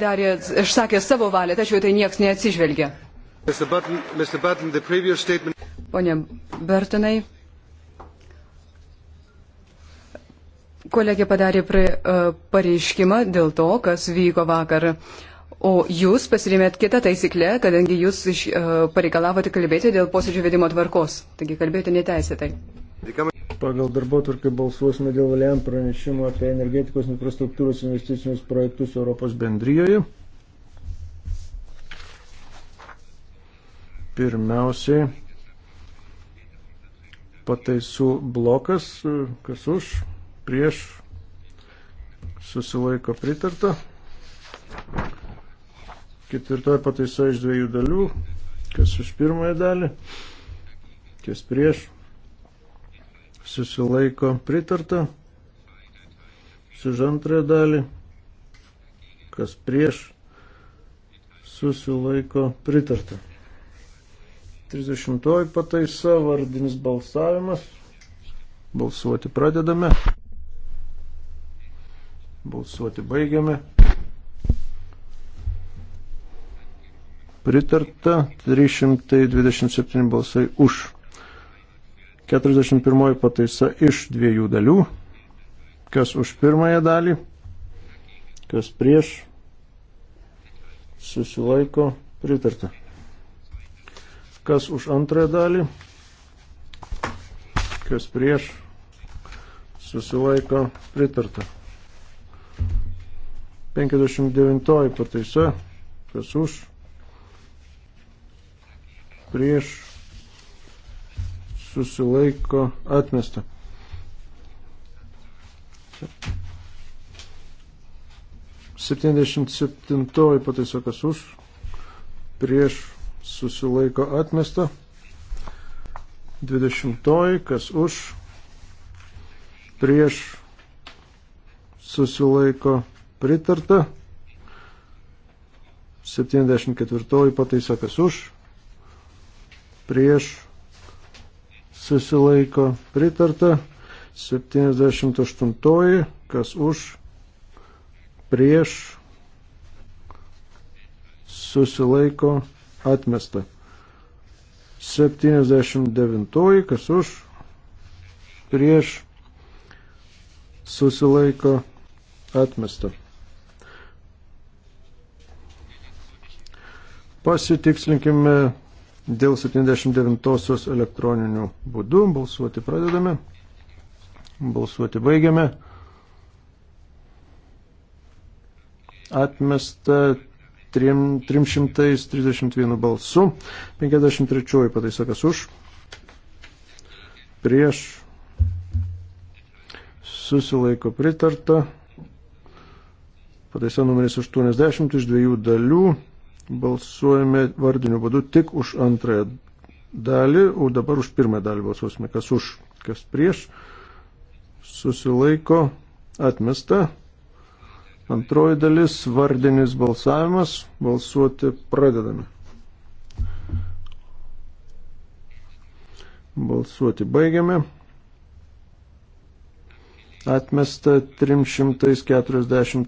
darė, išsakė savo valią, tačiau tai niekas neatsižvelgia. Mr. Button, Mr. Button, statement... Pone Bertinai, kolegė padarė pre, uh, pareiškimą dėl to, kas vyko vakar. O jūs pasirėmėt kitą taisyklę, kadangi jūs iš, uh, pareikalavote kalbėti dėl posėdžio vedimo tvarkos. Taigi kalbėjote neteisėtai. Pagal darbo tvarkį balsuosime dėl valiam pranešimo apie energetikos infrastruktūros investicinius projektus Europos bendryjoje. Pirmiausiai pataisų blokas, kas už, prieš, susilaiko pritarta. Ketvirtoji pataisa iš dviejų dalių, kas už pirmąją dalį, kas prieš, susilaiko pritarta. Už antrąją dalį, kas prieš, susilaiko pritarta. 30 pataisa, vardinis balsavimas. Balsuoti pradedame. Balsuoti baigiame. Pritarta 327 balsai už. 41 pataisa iš dviejų dalių. Kas už pirmąją dalį, kas prieš, susilaiko pritarta. Kas už antrąją dalį, kas prieš, susilaiko pritarta. 59 pataisa, kas už, prieš, susilaiko atmesta. Čia. 77 pataiso kas už, prieš susilaiko atmesta, 20 kas už, prieš susilaiko pritarta, 74 pataiso kas už, prieš susilaiko pritarta. 78, kas už, prieš, susilaiko atmesta. 79, kas už, prieš, susilaiko atmesta. Pasitikslinkime dėl 79-osios elektroninių būdų. Balsuoti pradedame. Balsuoti baigiame. Atmesta 3, 331 balsu. 53 pataisa kas už. Prieš. Susilaiko pritarta. Pataisa numeris 80 iš dviejų dalių balsuojame vardiniu būdu tik už antrąją dalį, o dabar už pirmąją dalį balsuosime, kas už, kas prieš, susilaiko, atmesta. Antroji dalis vardinis balsavimas, balsuoti pradedame. Balsuoti baigiame. Atmesta 348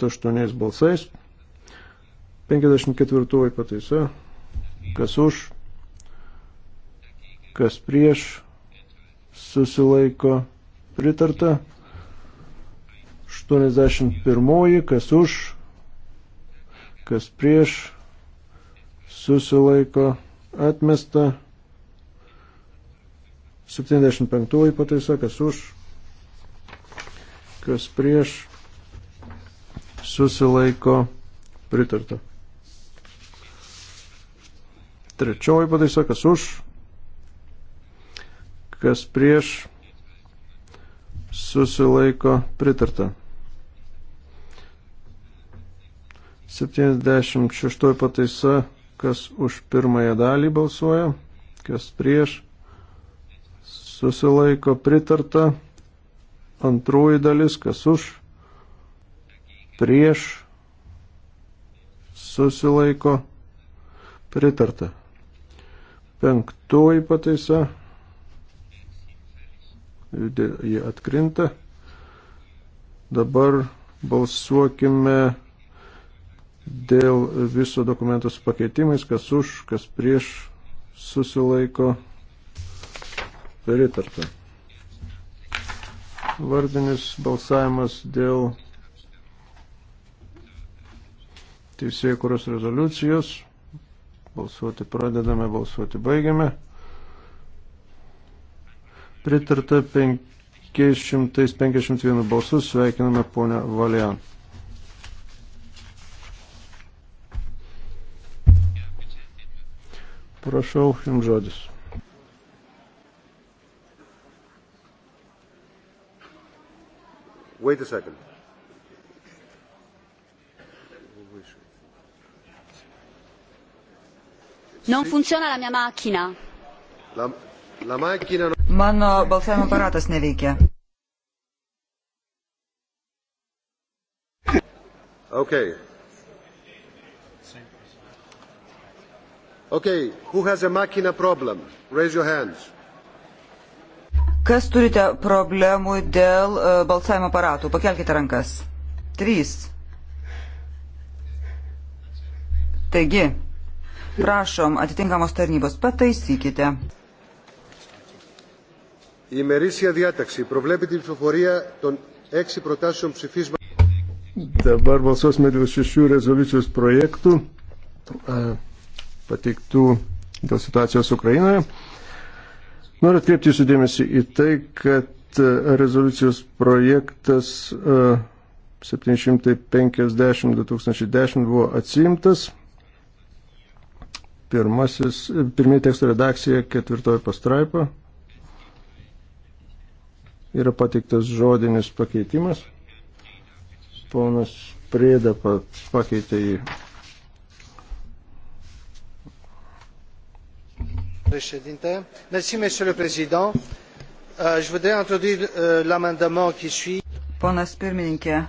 balsais. 54 pataisa. Kas už, kas prieš, susilaiko pritarta. 81. Kas už, kas prieš, susilaiko atmesta. 75 pataisa. Kas už, kas prieš, susilaiko pritarta. Trečioji pataisa, kas už, kas prieš, susilaiko pritarta. 76 pataisa, kas už pirmąją dalį balsuoja, kas prieš, susilaiko pritarta. Antroji dalis, kas už, prieš, susilaiko pritarta. Penktoji pataisa. Jie atkrinta. Dabar balsuokime dėl viso dokumento su pakeitimais, kas už, kas prieš susilaiko pritarta. Vardinis balsavimas dėl teisėjų kuros rezoliucijos. Balsuoti pradedame, balsuoti baigiame. Pritarta 551 balsus, sveikiname ponę Valian. Prašau, jums žodis. Wait a second. Non funziona la mia macchina. La, la macchina... Mano balsavimo aparatas neveikia. Okay. Okay, who has a machina problem? Raise your hands. Kas turite problemų dėl uh, balsavimo aparatų? Pakelkite rankas. Trys. Taigi, Prašom, atitinkamos tarnybos, pataisykite. Η ημερήσια διάταξη προβλέπει την ψηφοφορία των έξι προτάσεων ψηφίσμα. Dabar balsuosime dėl šešių rezoliucijos projektų e, pateiktų dėl situacijos Ukrainoje. Noriu atkreipti jūsų dėmesį į tai, kad e, rezoliucijos projektas 750-2010 e, buvo atsimtas pirmasis, pirmie teksto redakcija, ketvirtoji pastraipa. Yra pateiktas žodinis pakeitimas. Ponas Prėda pakeitė jį. Merci, monsieur le président. Euh, je voudrais introduire euh, l'amendement qui suit. Ponas pirmininkė,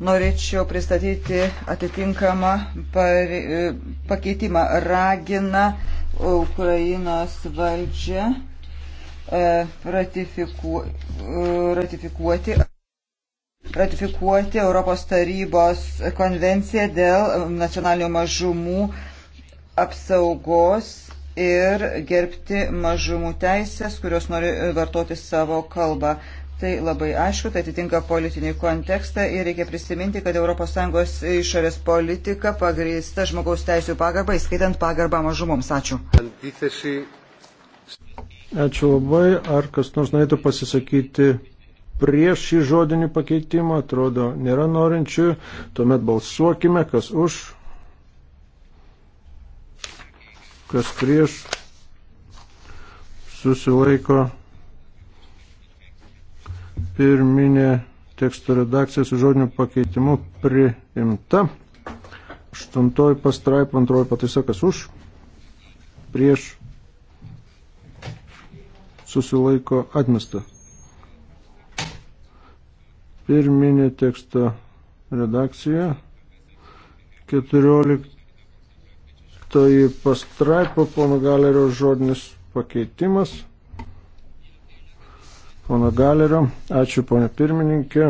norėčiau pristatyti atitinkamą e, pakeitimą. Ragina Ukrainos valdžią e, ratifikuo, e, ratifikuoti ratifikuoti Europos tarybos konvenciją dėl nacionalinių mažumų apsaugos ir gerbti mažumų teisės, kurios nori vartoti savo kalbą tai labai aišku, tai atitinka politinį kontekstą ir reikia prisiminti, kad ES išorės politika pagrįsta žmogaus teisų pagarba, įskaitant pagarbą mažumoms. Ačiū. Ačiū labai. Ar kas nors norėtų pasisakyti prieš šį žodinį pakeitimą? Atrodo, nėra norinčių. Tuomet balsuokime, kas už, kas prieš susilaiko Pirminė teksto redakcija su žodiniu pakeitimu priimta. Aštuntoji pastraipa, antroji pataisa, kas už, prieš, susilaiko atmesta. Pirminė teksto redakcija, keturioliktoji pastraipa, pono galerio žodinis pakeitimas pono Galerio. Ačiū, ponė pirmininkė.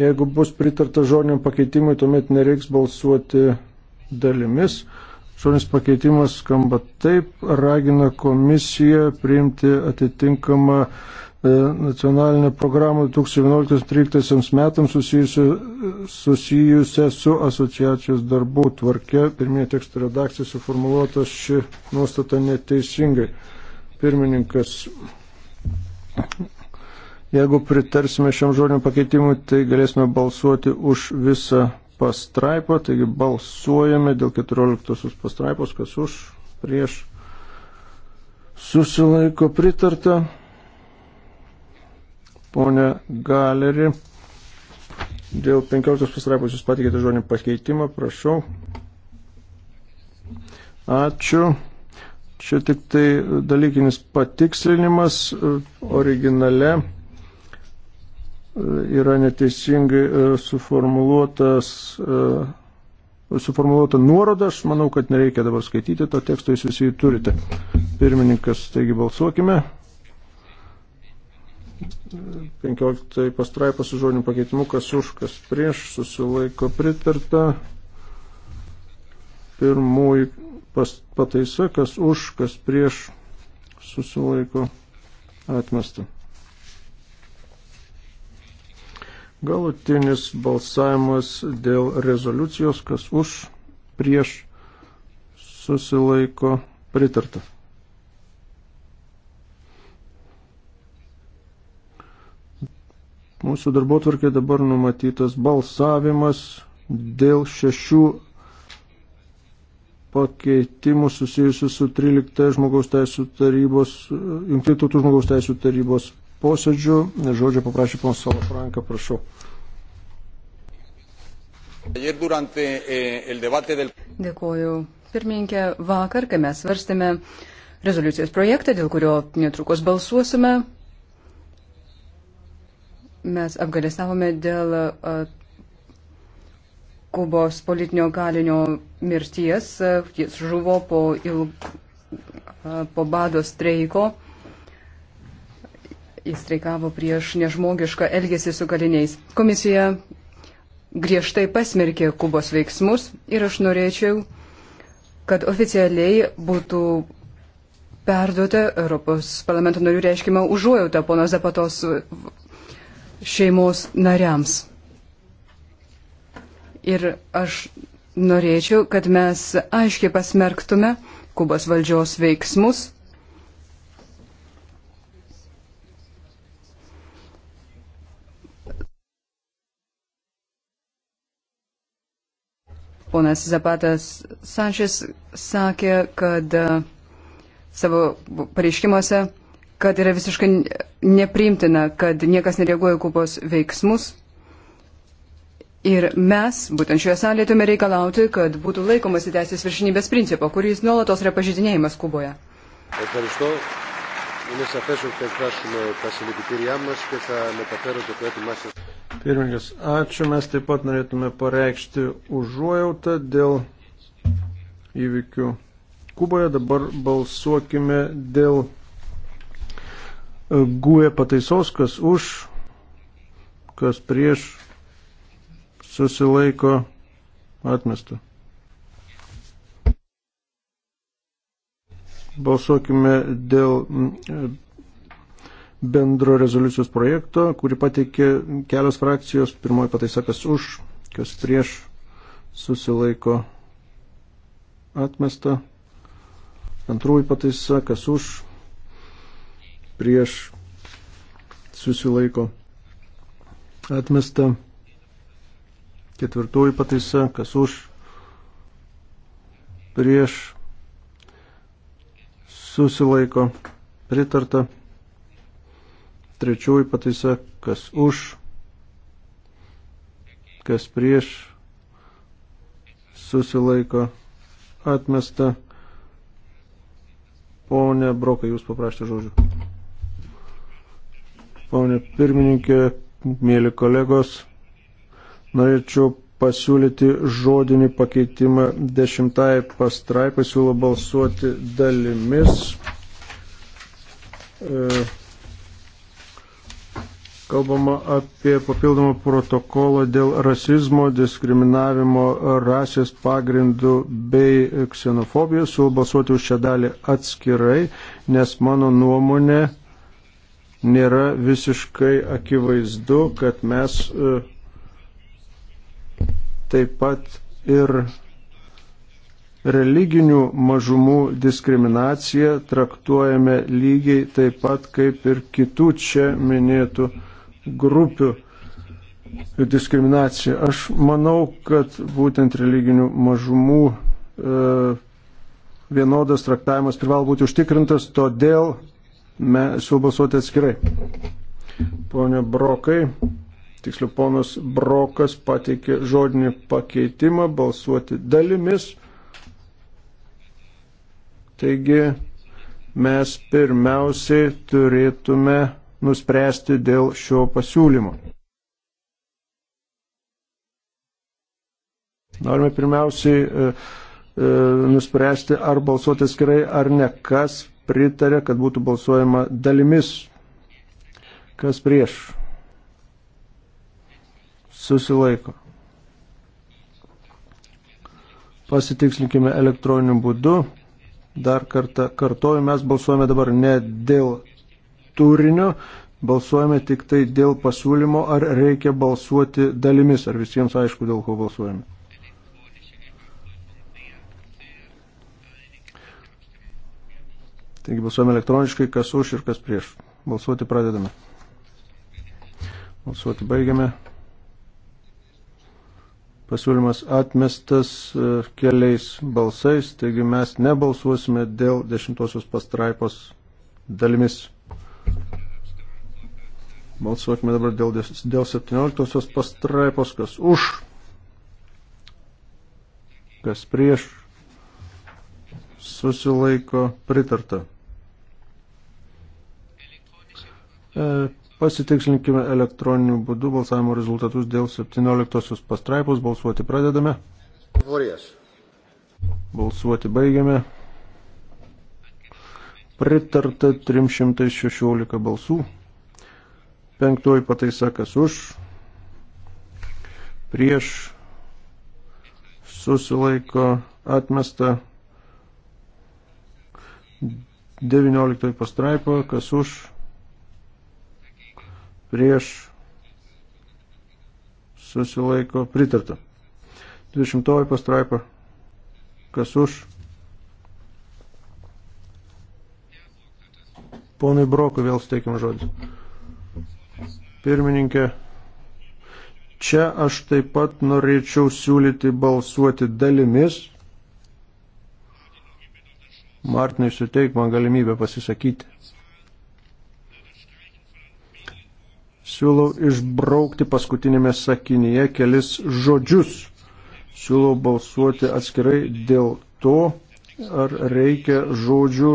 Jeigu bus pritarta žodiniam pakeitimui, tuomet nereiks balsuoti dalimis. Žodinis pakeitimas skamba taip, ragina komisiją priimti atitinkamą e, nacionalinę programą 2011-2013 metams susijusią, susijusią su asociacijos darbų tvarke. Pirminė teksto redakcija suformuoluota ši nuostata neteisingai. Pirmininkas Jeigu pritarsime šiam žodiniam pakeitimui, tai galėsime balsuoti už visą pastraipą. Taigi balsuojame dėl 14 pastraipos, kas už, prieš. Susilaiko pritarta. Pone Galeri, dėl 15 pastraipos jūs patikėte žodinį pakeitimą, prašau. Ačiū. Čia tik tai dalykinis patikslinimas originale e, yra neteisingai e, suformuluotas e, suformuoluota nuoroda, aš manau, kad nereikia dabar skaityti to teksto, jūs visi jį turite. Pirmininkas, taigi balsuokime. 15 pastraipos su žodiniu pakeitimu, kas už, kas prieš, susilaiko pritarta. Pirmųjų pataisa, kas už, kas prieš susilaiko atmesta. Galutinis balsavimas dėl rezoliucijos, kas už, prieš susilaiko pritarta. Mūsų darbotvarkė dabar numatytas balsavimas dėl šešių pakeitimų susijusių su 13 žmogaus teisų tarybos, jungtinių tautų žmogaus teisų tarybos posėdžiu. Žodžio paprašė ponas Salafranka, prašau. Eh, Dėkuoju. Pirmininkė, vakar, kai mes svarstėme rezoliucijos projektą, dėl kurio netrukus balsuosime, mes apgalėsavome dėl Kubos politinio kalinio mirties. Jis žuvo po, ilg, po bado streiko. Jis streikavo prieš nežmogišką elgesį su kaliniais. Komisija griežtai pasmerkė Kubos veiksmus ir aš norėčiau, kad oficialiai būtų perduota Europos parlamento narių reiškimą užuojautą pono Zapatos šeimos nariams. Ir aš norėčiau, kad mes aiškiai pasmerktume Kubos valdžios veiksmus. Ponas Zapatas Sančias sakė, kad e, savo pareiškimuose, kad yra visiškai nepriimtina, kad niekas nereaguoja Kubos veiksmus. Ir mes, būtent šioje salėje, turime reikalauti, kad būtų laikomasi teisės viršinybės principo, kuris nuolatos yra pažydinėjimas Kuboje. Pirmininkas, ačiū. Mes taip pat norėtume pareikšti užuojautą dėl įvykių Kuboje. Dabar balsuokime dėl e, guė pataisos, kas už, kas prieš susilaiko atmesta. Balsuokime dėl mm, bendro rezoliucijos projekto, kurį pateikė kelios frakcijos. Pirmoji pataisa, kas už, kas prieš, susilaiko atmesta. Antroji pataisa, kas už, prieš, susilaiko atmesta. Ketvirtoji pataisa, kas už, prieš, susilaiko, pritarta. Trečioji pataisa, kas už, kas prieš, susilaiko, atmesta. Pone Brokai, jūs paprašėte žodžių. Pone pirmininkė, mėly kolegos, norėčiau pasiūlyti žodinį pakeitimą dešimtai pastraipai, siūlo balsuoti dalimis. E, kalbama apie papildomą protokolą dėl rasizmo, diskriminavimo rasės pagrindų bei ksenofobijos. Siūlau balsuoti už šią dalį atskirai, nes mano nuomonė nėra visiškai akivaizdu, kad mes. E, taip pat ir religinių mažumų diskriminaciją traktuojame lygiai taip pat kaip ir kitų čia minėtų grupių diskriminacija. Aš manau, kad būtent religinių mažumų e, vienodas traktavimas privalo būti užtikrintas, todėl mes siūlau balsuoti atskirai. Pone Brokai, tiksliau ponas Brokas pateikė žodinį pakeitimą balsuoti dalimis. Taigi mes pirmiausiai turėtume nuspręsti dėl šio pasiūlymo. Norime pirmiausiai e, e, nuspręsti, ar balsuoti skirai, ar ne. Kas pritarė, kad būtų balsuojama dalimis? Kas prieš? susilaiko. Pasitikslinkime elektroniniu būdu. Dar kartą kartoju, mes balsuojame dabar ne dėl turinio, balsuojame tik tai dėl pasiūlymo, ar reikia balsuoti dalimis, ar visiems aišku, dėl ko balsuojame. Taigi balsuojame elektroniškai, kas už ir kas prieš. Balsuoti pradedame. Balsuoti baigiame. Pasiūlymas atmestas e, keliais balsais, taigi mes nebalsuosime dėl dešimtosios pastraipos dalimis. Balsuokime dabar dėl, dėl 17 pastraipos, kas už, kas prieš, susilaiko pritarta. E, Pasitikslinkime elektroniniu būdu balsavimo rezultatus dėl 17 pastraipos. Balsuoti pradedame. Vorės. Balsuoti baigiame. Pritarta 316 balsų. Penktoji pataisa kas už. Prieš susilaiko atmesta 19 pastraipo, kas už prieš susilaiko pritarta. 20 pastraipa, kas už. Ponai Brokui vėl steikim žodį. Pirmininkė, čia aš taip pat norėčiau siūlyti balsuoti dalimis. Martinai suteik man galimybę pasisakyti. siūlau išbraukti paskutinėme sakinyje kelis žodžius. Siūlau balsuoti atskirai dėl to, ar reikia žodžių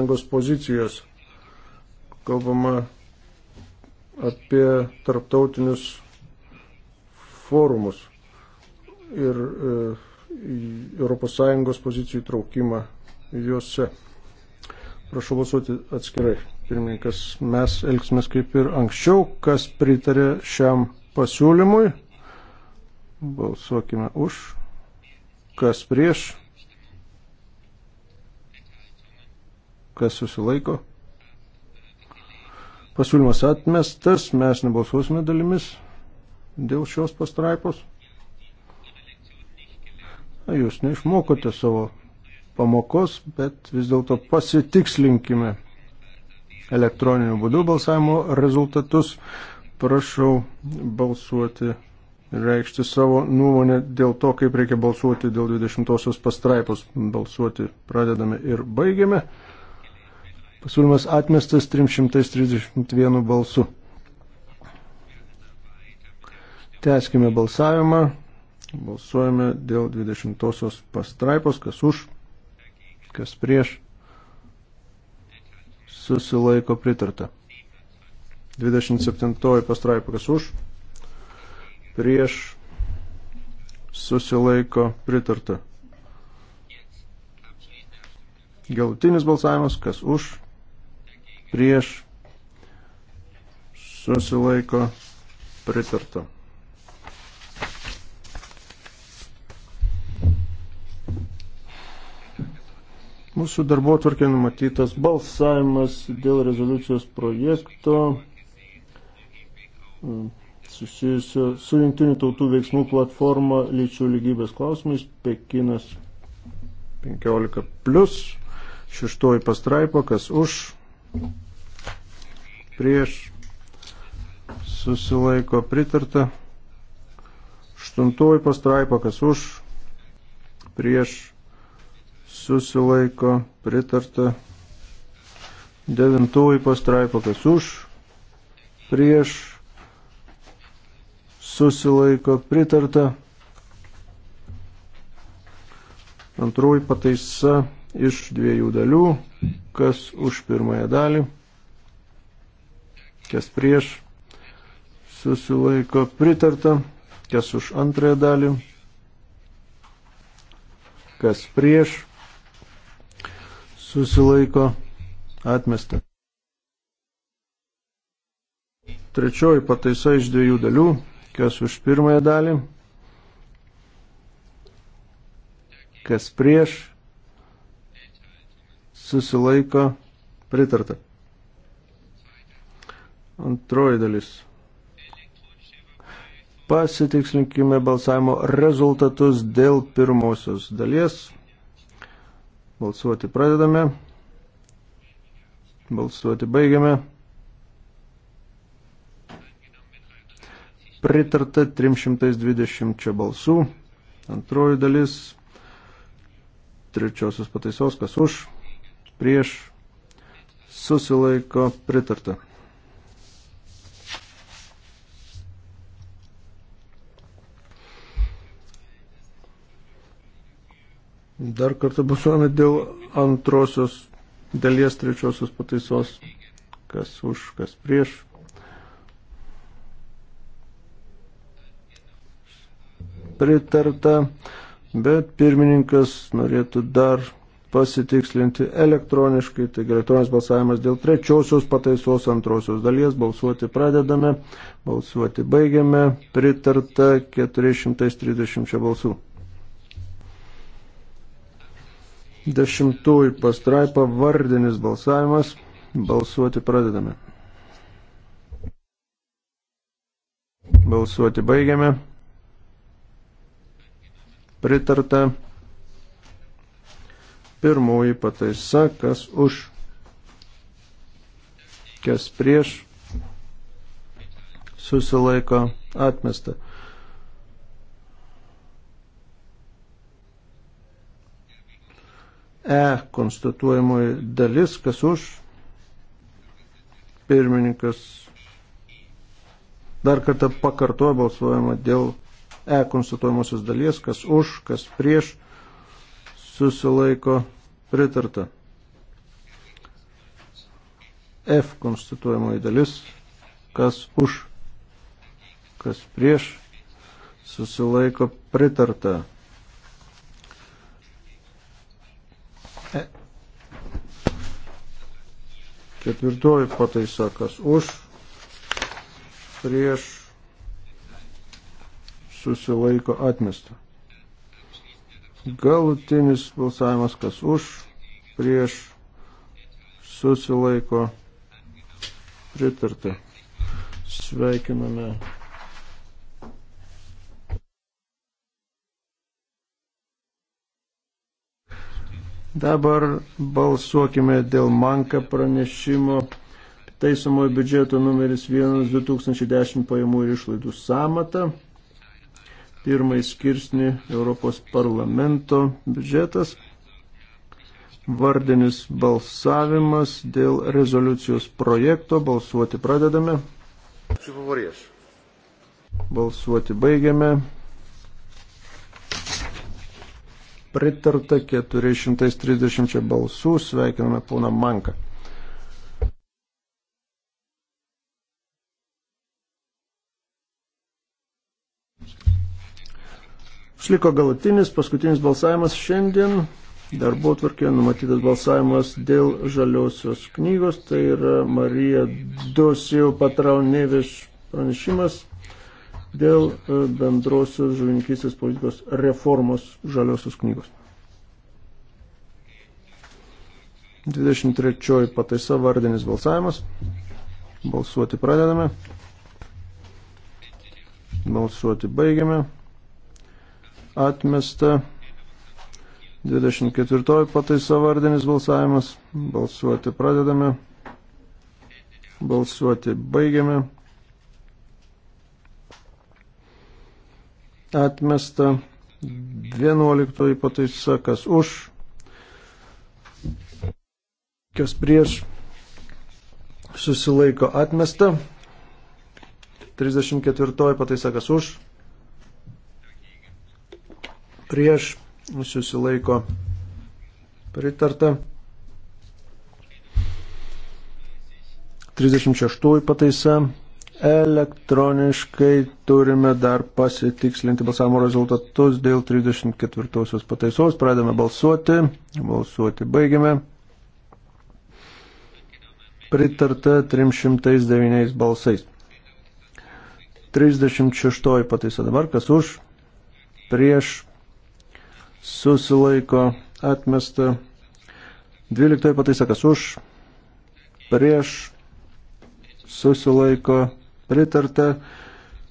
ES pozicijos. Kalbama apie tarptautinius forumus ir ES pozicijų traukimą juose. Prašau balsuoti atskirai. Pirmininkas, mes elgsimės kaip ir anksčiau, kas pritarė šiam pasiūlymui. Balsuokime už, kas prieš, kas susilaiko. Pasiūlymas atmestas, mes nebalsuosime dalimis dėl šios pastraipos. Jūs neišmokote savo pamokos, bet vis dėlto pasitikslinkime elektroniniu būdu balsavimo rezultatus. Prašau balsuoti ir reikšti savo nuomonę dėl to, kaip reikia balsuoti dėl 20 pastraipos. Balsuoti pradedame ir baigiame. Pasiūlymas atmestas 331 balsu. Teskime balsavimą. Balsuojame dėl 20 pastraipos, kas už kas prieš, susilaiko pritarta. 27 pastraipa, kas už, prieš, susilaiko pritarta. Galutinis balsavimas, kas už, prieš, susilaiko pritarta. Mūsų darbo tvarkė numatytas balsavimas dėl rezoliucijos projekto e, susijusio su jungtinių tautų veiksmų platforma lyčių lygybės klausimais Pekinas 15 plus šeštoji pastraipa, kas už prieš susilaiko pritarta aštuntoji pastraipa, kas už prieš susilaiko pritarta. Devintųjų pastraipo, kas už, prieš, susilaiko pritarta. Antroji pataisa iš dviejų dalių, kas už pirmąją dalį, kas prieš, susilaiko pritarta, kas už antrąją dalį, kas prieš, susilaiko atmesta. Trečioji pataisa iš dviejų dalių, kas už pirmąją dalį, kas prieš, susilaiko pritarta. Antroji dalis. Pasitikslinkime balsavimo rezultatus dėl pirmosios dalies. Balsuoti pradedame. Balsuoti baigiame. Pritarta 320 balsų. Antroji dalis. Trečiosios pataisos, kas už, prieš, susilaiko pritarta. Dar kartą balsuojame dėl antrosios dalies trečiosios pataisos. Kas už, kas prieš. Pritarta, bet pirmininkas norėtų dar pasitikslinti elektroniškai, taigi elektroninis balsavimas dėl trečiosios pataisos antrosios dalies, balsuoti pradedame, balsuoti baigiame, pritarta 430 balsų. Dešimtųjų pastraipa vardinis balsavimas. Balsuoti pradedame. Balsuoti baigiame. Pritarta. Pirmoji pataisa, kas už, kas prieš, susilaiko atmesta. E konstatuojamoji dalis, kas už pirmininkas dar kartą pakartoja balsuojama dėl E konstatuojamosios dalies, kas už, kas prieš susilaiko pritarta. F konstatuojamoji dalis, kas už, kas prieš susilaiko pritarta. Ketvirtoji pataisa, kas už, prieš, susilaiko atmestą. Galutinis balsavimas, kas už, prieš, susilaiko pritarta. Sveikiname Dabar balsuokime dėl manka pranešimo. Taisomojo biudžeto numeris 1 2010 pajamų ir išlaidų samata. Pirmai skirsni Europos parlamento biudžetas. Vardinis balsavimas dėl rezoliucijos projekto. Balsuoti pradedame. Balsuoti baigiame. pritarta 430 balsų. Sveikiname poną Manką. Šliko galutinis, paskutinis balsavimas šiandien. Darbo tvarkėje numatytas balsavimas dėl žaliosios knygos. Tai yra Marija Dosijų Patraunėviš pranešimas dėl e, bendrosios žuvininkystės politikos reformos žaliosios knygos. 23 pataisa vardinis balsavimas. Balsuoti pradedame. Balsuoti baigiame. Atmesta. 24 pataisa vardinis balsavimas. Balsuoti pradedame. Balsuoti baigiame. atmesta. 11 pataisa, kas už, kas prieš, susilaiko atmesta. 34 pataisa, kas už, prieš, susilaiko pritarta. 36 pataisa, Elektroniškai turime dar pasitikslinti balsavimo rezultatus dėl 34 pataisos. Pradame balsuoti. Balsuoti baigiame. Pritarta 309 balsais. 36 pataisa dabar. Kas už? Prieš. Susilaiko. Atmesta. 12 pataisa. Kas už? Prieš. Susilaiko pritarta.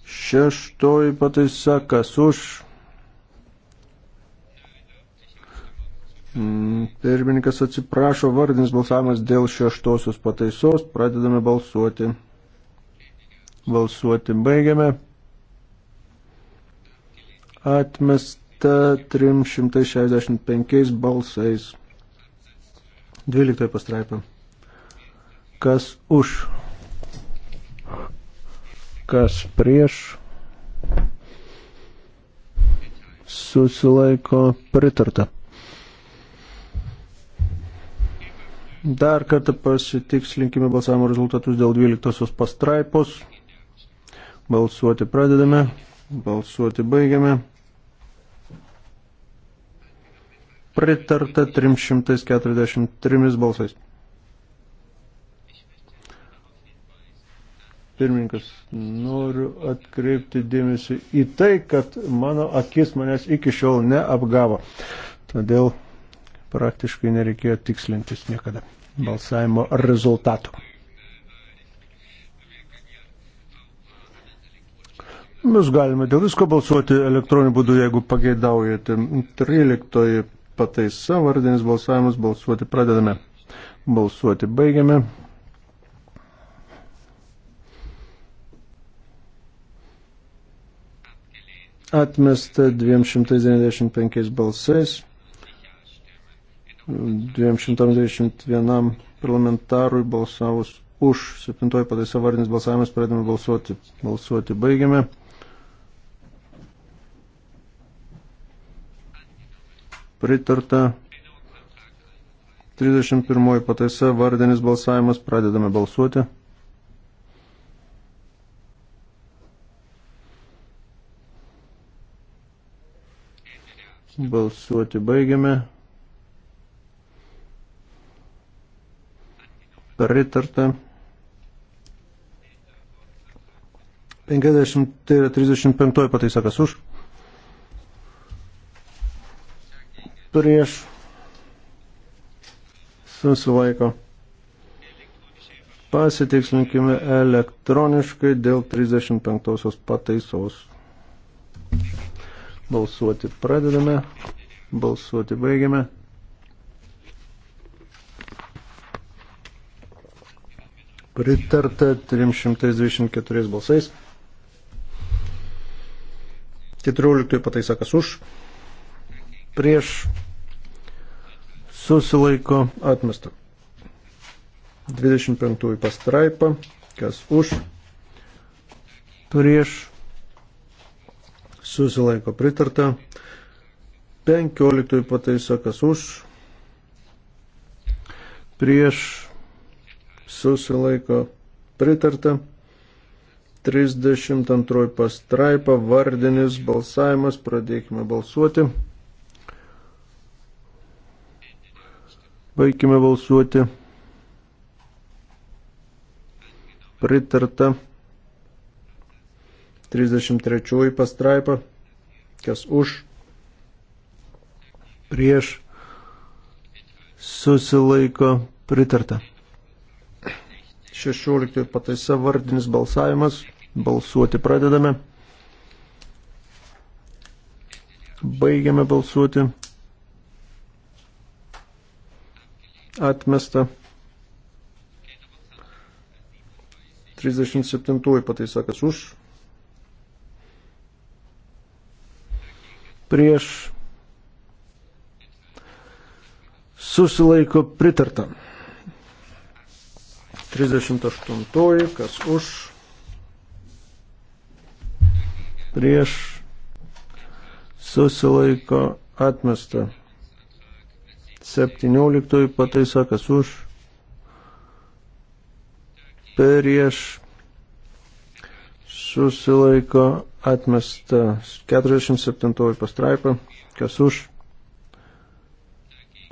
Šeštoji pataisa, kas už. Mm, pirmininkas atsiprašo, vardinis balsavimas dėl šeštosios pataisos. Pradedame balsuoti. Balsuoti baigiame. Atmesta 365 balsais. 12 pastraipą. Kas už? kas prieš susilaiko pritarta. Dar kartą pasitikslinkime balsavimo rezultatus dėl 12 pastraipos. Balsuoti pradedame, balsuoti baigiame. Pritarta 343 balsais. Pirmininkas, noriu atkreipti dėmesį į tai, kad mano akis manęs iki šiol neapgavo. Todėl praktiškai nereikėjo tikslintis niekada balsavimo rezultatų. Mes galime dėl visko balsuoti elektroniniu būdu, jeigu pageidaujate. 13 pataisa, vardinis balsavimas, balsuoti pradedame. Balsuoti baigiame. atmesta 295 balsais, 221 parlamentarui balsavus už, 7 pataisa vardinis balsavimas, pradėjome balsuoti, balsuoti baigiame. Pritarta 31 pataisa vardinis balsavimas, pradedame balsuoti. Balsuoti baigiame. Pritarta. 50, tai yra 35 pataisa, kas už. Prieš. Susilaiko. Pasitikslinkime elektroniškai dėl 35 pataisos. Balsuoti pradedame. Balsuoti baigiame. Pritarta 324 balsais. 14 pataisa kas už. Prieš susilaiko atmesta. 25 pastraipa kas už. Prieš susilaiko pritarta. 15 pataisa kas už, prieš susilaiko pritarta. 32 pastraipa vardinis balsavimas, pradėkime balsuoti. Baigime balsuoti. Pritarta. 33 pastraipa, kas už, prieš, susilaiko pritarta. 16 pataisa vardinis balsavimas. Balsuoti pradedame. Baigiame balsuoti. Atmesta. 37 pataisa, kas už, prieš susilaiko pritarta. 38. Kas už prieš susilaiko atmesta. 17. Pataisa kas už prieš susilaiko atmesta 47 pastraipa, kas už,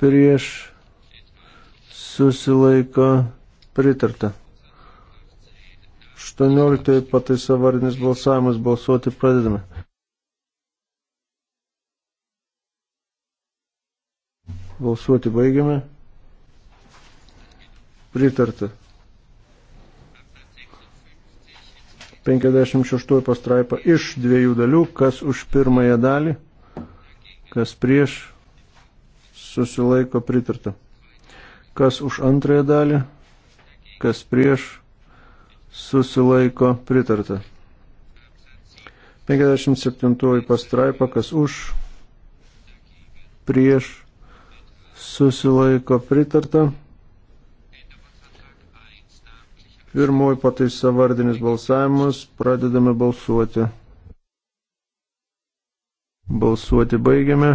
prieš, susilaiko, pritarta. 18 pataisa vardinis balsavimas, balsuoti pradedame. Balsuoti baigiame. Pritarta. 56 pastraipą iš dviejų dalių, kas už pirmąją dalį, kas prieš susilaiko pritarta. Kas už antrąją dalį, kas prieš susilaiko pritarta. 57 pastraipa, kas už, prieš susilaiko pritarta. Pirmoji pataisa vardinis balsavimas. Pradedame balsuoti. Balsuoti baigiame.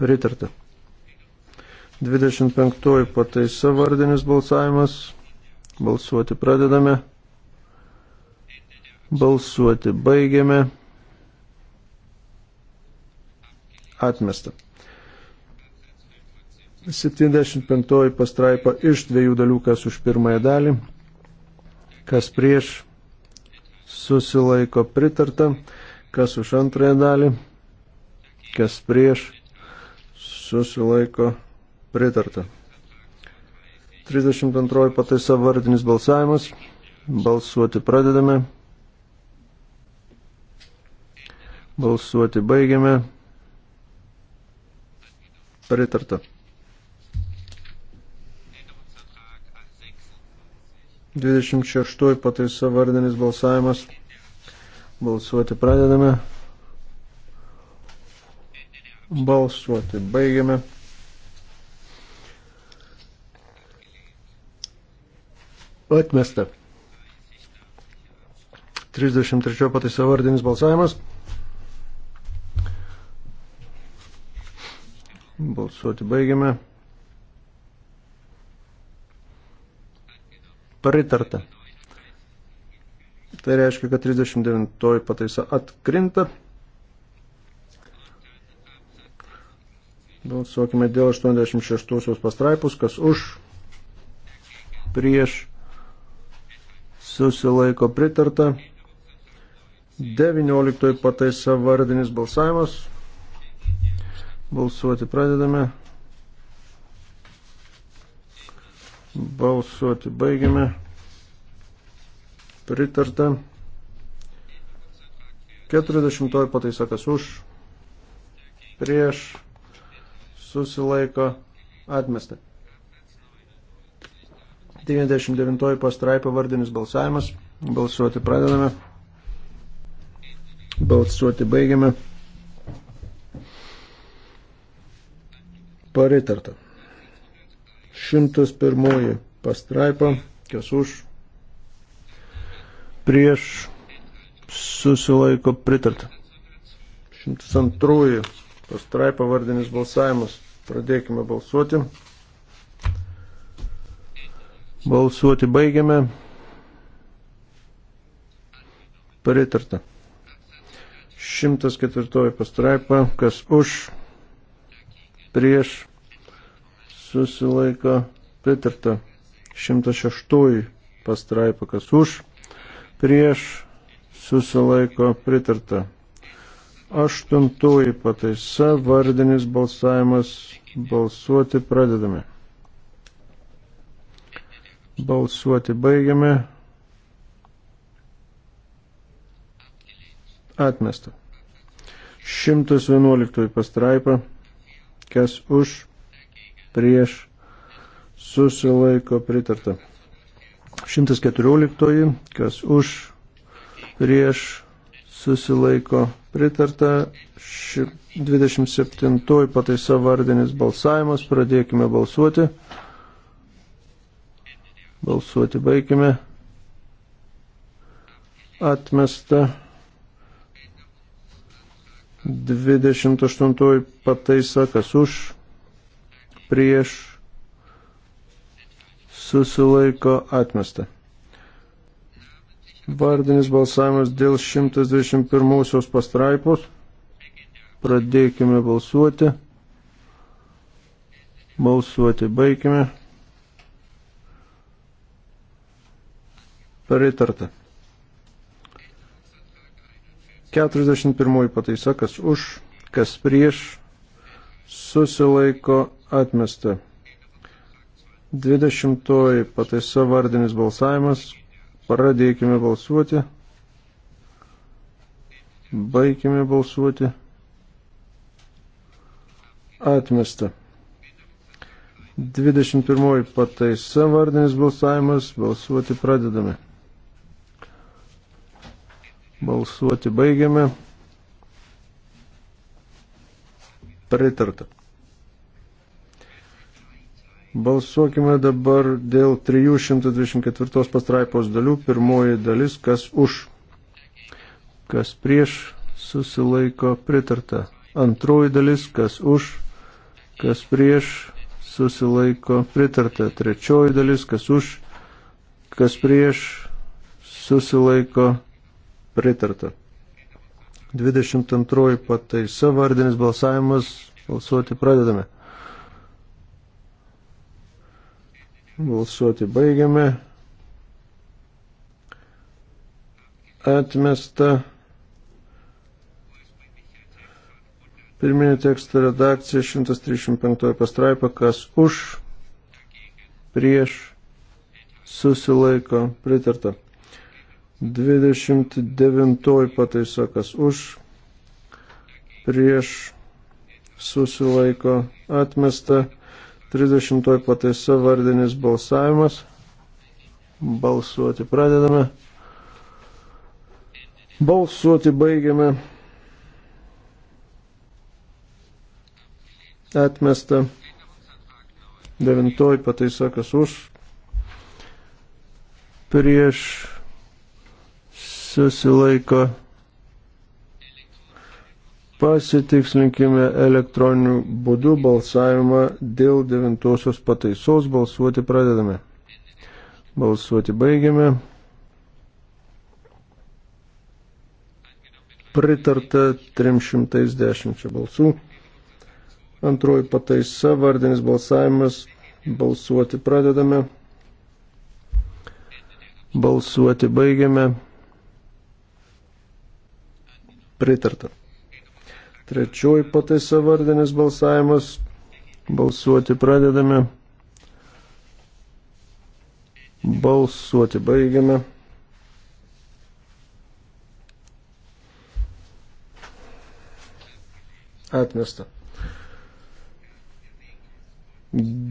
Pritarta. 25 pataisa vardinis balsavimas. Balsuoti pradedame. Balsuoti baigiame. Atmesta. 75 pastraipa iš dviejų dalių, kas už pirmąją dalį, kas prieš susilaiko pritarta, kas už antrąją dalį, kas prieš susilaiko pritarta. 32 pataisa vardinis balsavimas. Balsuoti pradedame. Balsuoti baigiame. Pritarta. 26 pataisa vardinis balsavimas. Balsuoti pradedame. Balsuoti baigiame. Atmesta. 33 pataisa vardinis balsavimas. Balsuoti baigiame. pritarta. Tai reiškia, kad 39 pataisa atkrinta. Balsuokime dėl 86 pastraipus, kas už, prieš, susilaiko pritarta. 19 pataisa vardinis balsavimas. Balsuoti pradedame. Balsuoti baigiame. Pritarta. 40 pataisa kas už, prieš, susilaiko, atmesta. 99 pastraipa vardinis balsavimas. Balsuoti pradedame. Balsuoti baigiame. Paritarta. 101 pastraipa, kas už, prieš susilaiko pritarta. 102 pastraipa vardinis balsavimas. Pradėkime balsuoti. Balsuoti baigiame. Pritarta. 104 pastraipa, kas už, prieš susilaiko pritarta. 106 pastraipa, kas už, prieš susilaiko pritarta. Aštuntoji pataisa, vardinis balsavimas, balsuoti pradedame. Balsuoti baigiame. Atmesta. 111 pastraipa, kas už, prieš susilaiko pritarta. 114, kas už, prieš susilaiko pritarta. 27 pataisa vardinis balsavimas, pradėkime balsuoti. Balsuoti baigime. Atmesta. 28 pataisa, kas už, prieš susilaiko atmesta. Vardinis balsavimas dėl 121 pastraipos. Pradėkime balsuoti. Balsuoti baigime. Pritarta. 41 pataisa, kas už, kas prieš susilaiko atmesta. 20 pataisa vardinis balsavimas. Pradėkime balsuoti. Baikime balsuoti. Atmesta. 21 pataisa vardinis balsavimas. Balsuoti pradedame. Balsuoti baigiame. Pritarta. Balsuokime dabar dėl 324 pastraipos dalių. Pirmoji dalis, kas už, kas prieš, susilaiko pritarta. Antroji dalis, kas už, kas prieš, susilaiko pritarta. Trečioji dalis, kas už, kas prieš, susilaiko pritarta. 22 pataisa, vardinis balsavimas, balsuoti pradedame. Balsuoti baigiame. Atmesta pirminio teksto redakcija 135 pastraipa, kas už, prieš, susilaiko, pritarta. 29 pataisa, kas už, prieš, susilaiko, atmesta. 30 pataisa vardinis balsavimas. Balsuoti pradedame. Balsuoti baigiame. Atmesta. Devintoji pataisa, kas už, prieš, susilaiko. Pasitikslinkime elektroniniu būdu balsavimą dėl devintosios pataisos. Balsuoti pradedame. Balsuoti baigiame. Pritarta 310 balsų. Antroji pataisa, vardinis balsavimas. Balsuoti pradedame. Balsuoti baigiame. Pritarta. Trečioji pataisa vardinis balsavimas. Balsuoti pradedame. Balsuoti baigiame. Atmesta.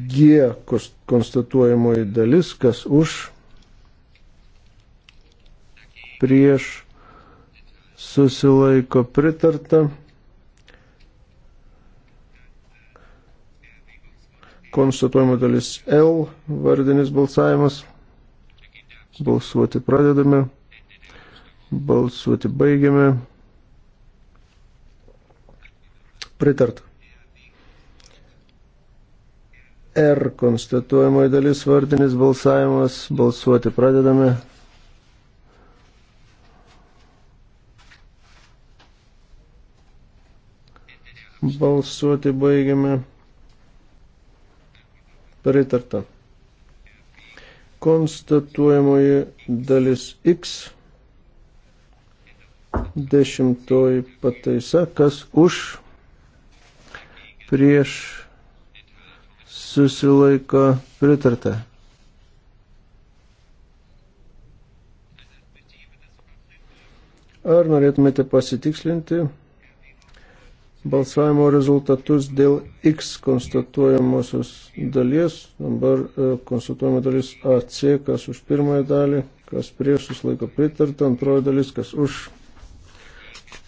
G konstatuojamoji dalis, kas už, prieš, susilaiko pritarta. Konstatuojama dalis L, vardinis balsavimas. Balsuoti pradedame. Balsuoti baigiame. Pritarta. R konstatuojamoji dalis vardinis balsavimas. Balsuoti pradedame. Balsuoti baigiame. Pritarta. Konstatuojamoji dalis X. Dešimtoji pataisa. Kas už? Prieš susilaiko pritarta. Ar norėtumėte pasitikslinti? balsavimo rezultatus dėl X konstatuojamosios dalies. Dabar e, konstatuojama dalis AC, kas už pirmąją dalį, kas prieš, susilaiko pritarta, antroji dalis, kas už,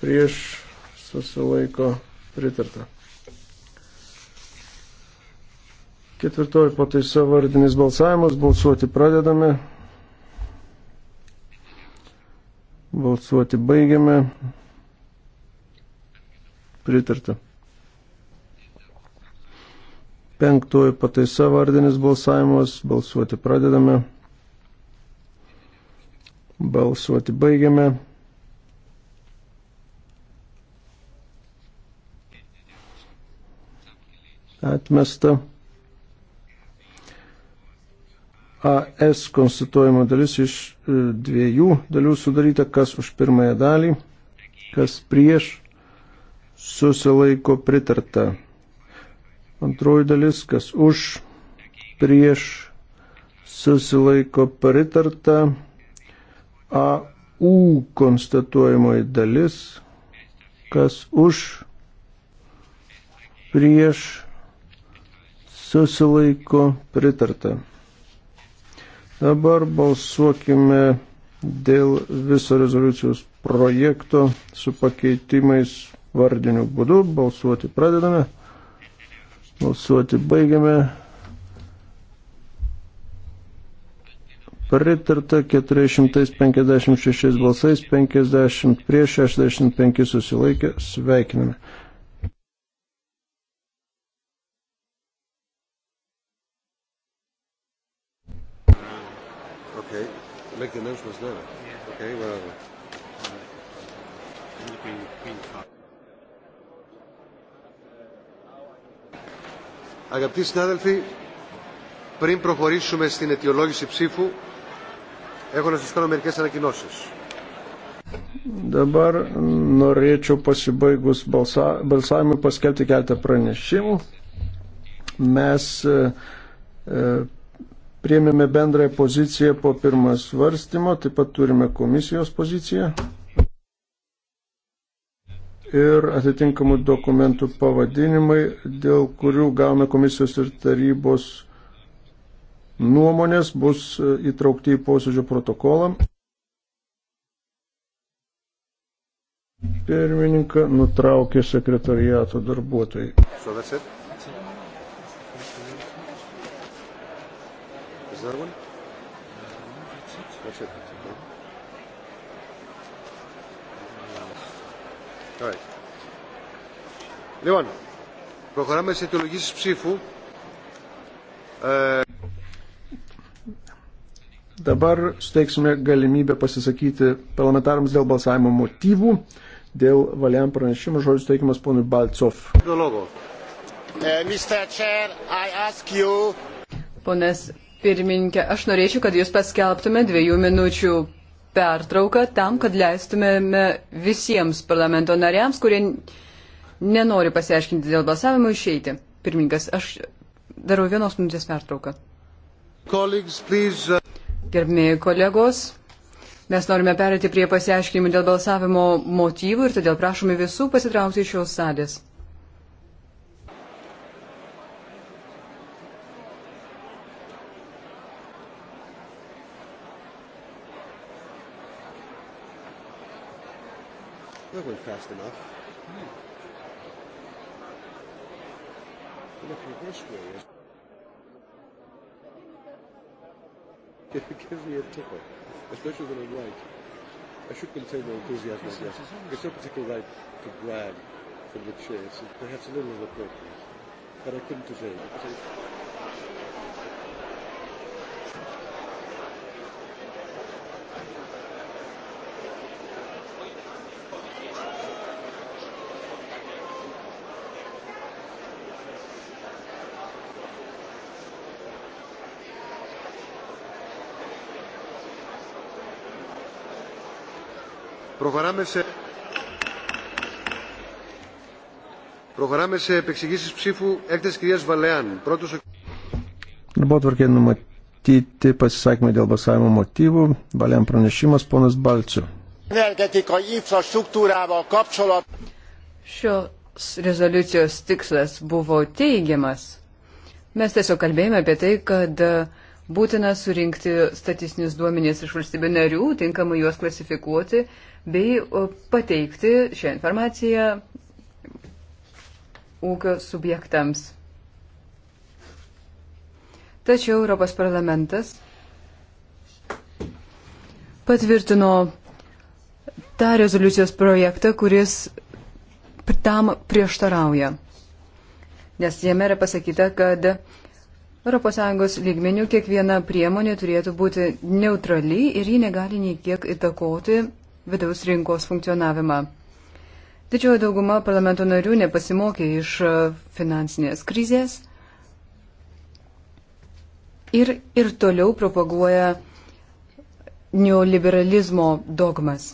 prieš, susilaiko pritarta. Ketvirtoji pataisa vardinis balsavimas. Balsuoti pradedame. Balsuoti baigiame. Pritarta. Penktoji pataisa vardinis balsavimas. Balsuoti pradedame. Balsuoti baigiame. Atmesta. AS konstituojama dalis iš e, dviejų dalių sudaryta, kas už pirmąją dalį, kas prieš susilaiko pritarta. Antroji dalis, kas už, prieš, susilaiko pritarta. AU konstatuojamoji dalis, kas už, prieš, susilaiko pritarta. Dabar balsuokime dėl viso rezoliucijos projekto su pakeitimais vardiniu būdu. Balsuoti pradedame. Balsuoti baigiame. Pritarta 456 balsais, 50 prieš 65 susilaikė. Sveikiname. Okay. Make the announcements now. Okay, whatever. Αγαπητοί συνάδελφοι, πριν προχωρήσουμε στην αιτιολόγηση ψήφου, έχω να σας κάνω μερικές ανακοινώσεις. Dabar norėčiau pasibaigus balsa, balsavimui paskelbti keletą pranešimų. Mes e, e priėmėme bendrąją poziciją po pirmą svarstymo, taip pat turime komisijos poziciją ir atitinkamų dokumentų pavadinimai, dėl kurių gavome komisijos ir tarybos nuomonės, bus e, įtraukti į posėdžio protokolą. Pirmininką nutraukė sekretariato darbuotojai. So that's it? Is that one? That's it. Right. Λοιπόν, προχωράμε σε αιτιολογήσεις ψήφου. Ε... Dabar steiksime galimybę pasisakyti parlamentarams dėl balsavimo motyvų, dėl valiam pranešimo žodžių steikimas ponui Balcov. E, Ponas pirmininkė, aš norėčiau, kad jūs paskelbtume dviejų minučių pertrauką tam, kad leistumėme visiems parlamento nariams, kurie nenori pasiaiškinti dėl balsavimo, išeiti. Pirmininkas, aš darau vienos minutės pertrauką. Uh, Gerbėjai kolegos, mes norime perėti prie pasiaiškinimų dėl balsavimo motyvų ir todėl prašome visų pasitraukti iš šios salės. fast enough. Hmm. Looking this way is. It gives me a tickle, especially when I'm like, I should contain my enthusiasm, I guess. It's no particular right to brag from the chair, so perhaps a little inappropriate. But I couldn't today. Because Προχωράμε σε... Προχωράμε σε επεξηγήσεις ψήφου έκθεση κυρίας Βαλεάν. Πρώτος... Darbotvarkė numatyti pasisakymai dėl balsavimo motyvų. Valiam pranešimas, ponas Balčiu. Šios rezoliucijos tikslas buvo teigiamas. Mes tiesiog kalbėjome apie tai, kad uh, Būtina surinkti statistinius duomenys iš valstybių narių, tinkamai juos klasifikuoti bei pateikti šią informaciją ūkio subjektams. Tačiau Europos parlamentas patvirtino tą rezoliucijos projektą, kuris tam prieštarauja. Nes jame yra pasakyta, kad ES lygmenių kiekviena priemonė turėtų būti neutrali ir ji negali nei kiek įtakoti vidaus rinkos funkcionavimą. Didžioji dauguma parlamento narių nepasimokė iš e, finansinės krizės ir, ir toliau propaguoja neoliberalizmo dogmas.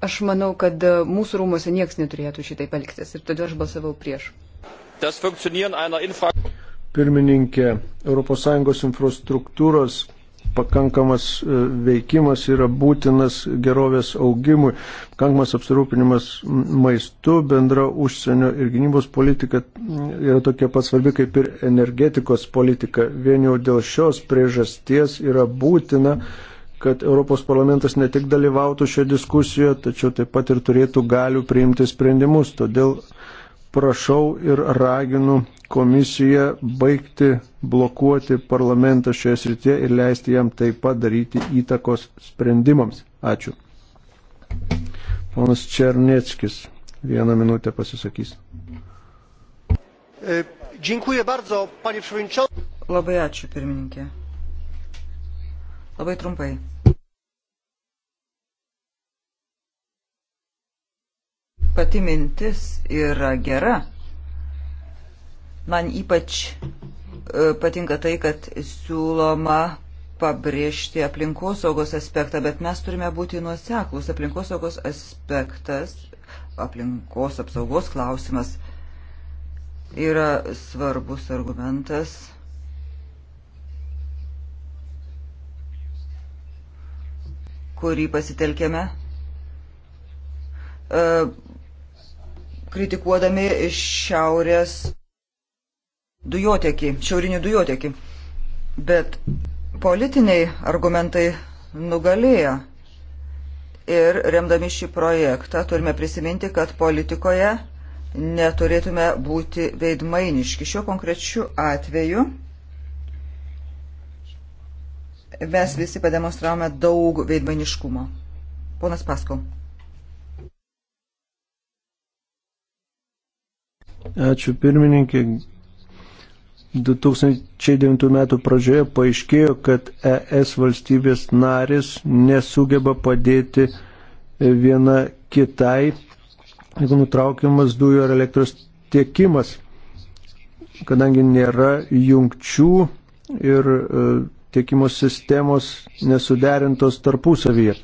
Aš manau, kad e, mūsų rūmose niekas neturėtų šitaip elgtis ir todėl aš balsavau prieš. Pirmininkė, ES infrastruktūros pakankamas e, veikimas yra būtinas gerovės augimui, pakankamas apsirūpinimas maistu, bendra užsienio ir gynybos politika yra tokia pat svarbi kaip ir energetikos politika. Vien jau dėl šios priežasties yra būtina. Mm kad Europos parlamentas ne tik dalyvautų šioje diskusijoje, tačiau taip pat ir turėtų galių priimti sprendimus. Todėl prašau ir raginu komisiją baigti blokuoti parlamentą šioje srityje ir leisti jam taip pat daryti įtakos sprendimams. Ačiū. Ponas Černieckis vieną minutę pasisakys. E, Labai ačiū, pirmininkė. Labai trumpai. Pati mintis yra gera. Man ypač e, patinka tai, kad siūloma pabrėžti aplinkosaugos aspektą, bet mes turime būti nuoseklus. Aplinkosaugos aspektas, aplinkos apsaugos klausimas yra svarbus argumentas kurį pasitelkėme, e, kritikuodami šiaurės dujotekį, šiaurinį dujotekį. Bet politiniai argumentai nugalėjo. Ir remdami šį projektą turime prisiminti, kad politikoje neturėtume būti veidmainiški. Šiuo konkrečiu atveju mes visi pademonstravome daug veidmaniškumo. Ponas Paskau. Ačiū pirmininkė. 2009 metų pradžioje paaiškėjo, kad ES valstybės narės nesugeba padėti viena kitai, jeigu nutraukiamas dujų ar elektros tiekimas, kadangi nėra jungčių ir e, tiekimo sistemos nesuderintos tarpusavyje.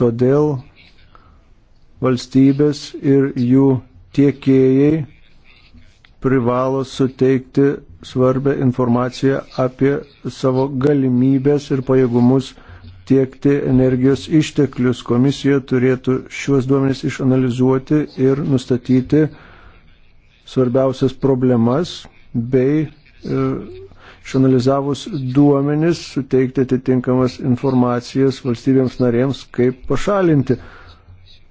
Todėl valstybės ir jų tiekėjai privalo suteikti svarbę informaciją apie savo galimybės ir pajėgumus tiekti energijos išteklius. Komisija turėtų šiuos duomenys išanalizuoti ir nustatyti svarbiausias problemas bei e, išanalizavus duomenis, suteikti atitinkamas informacijas valstybėms narėms, kaip pašalinti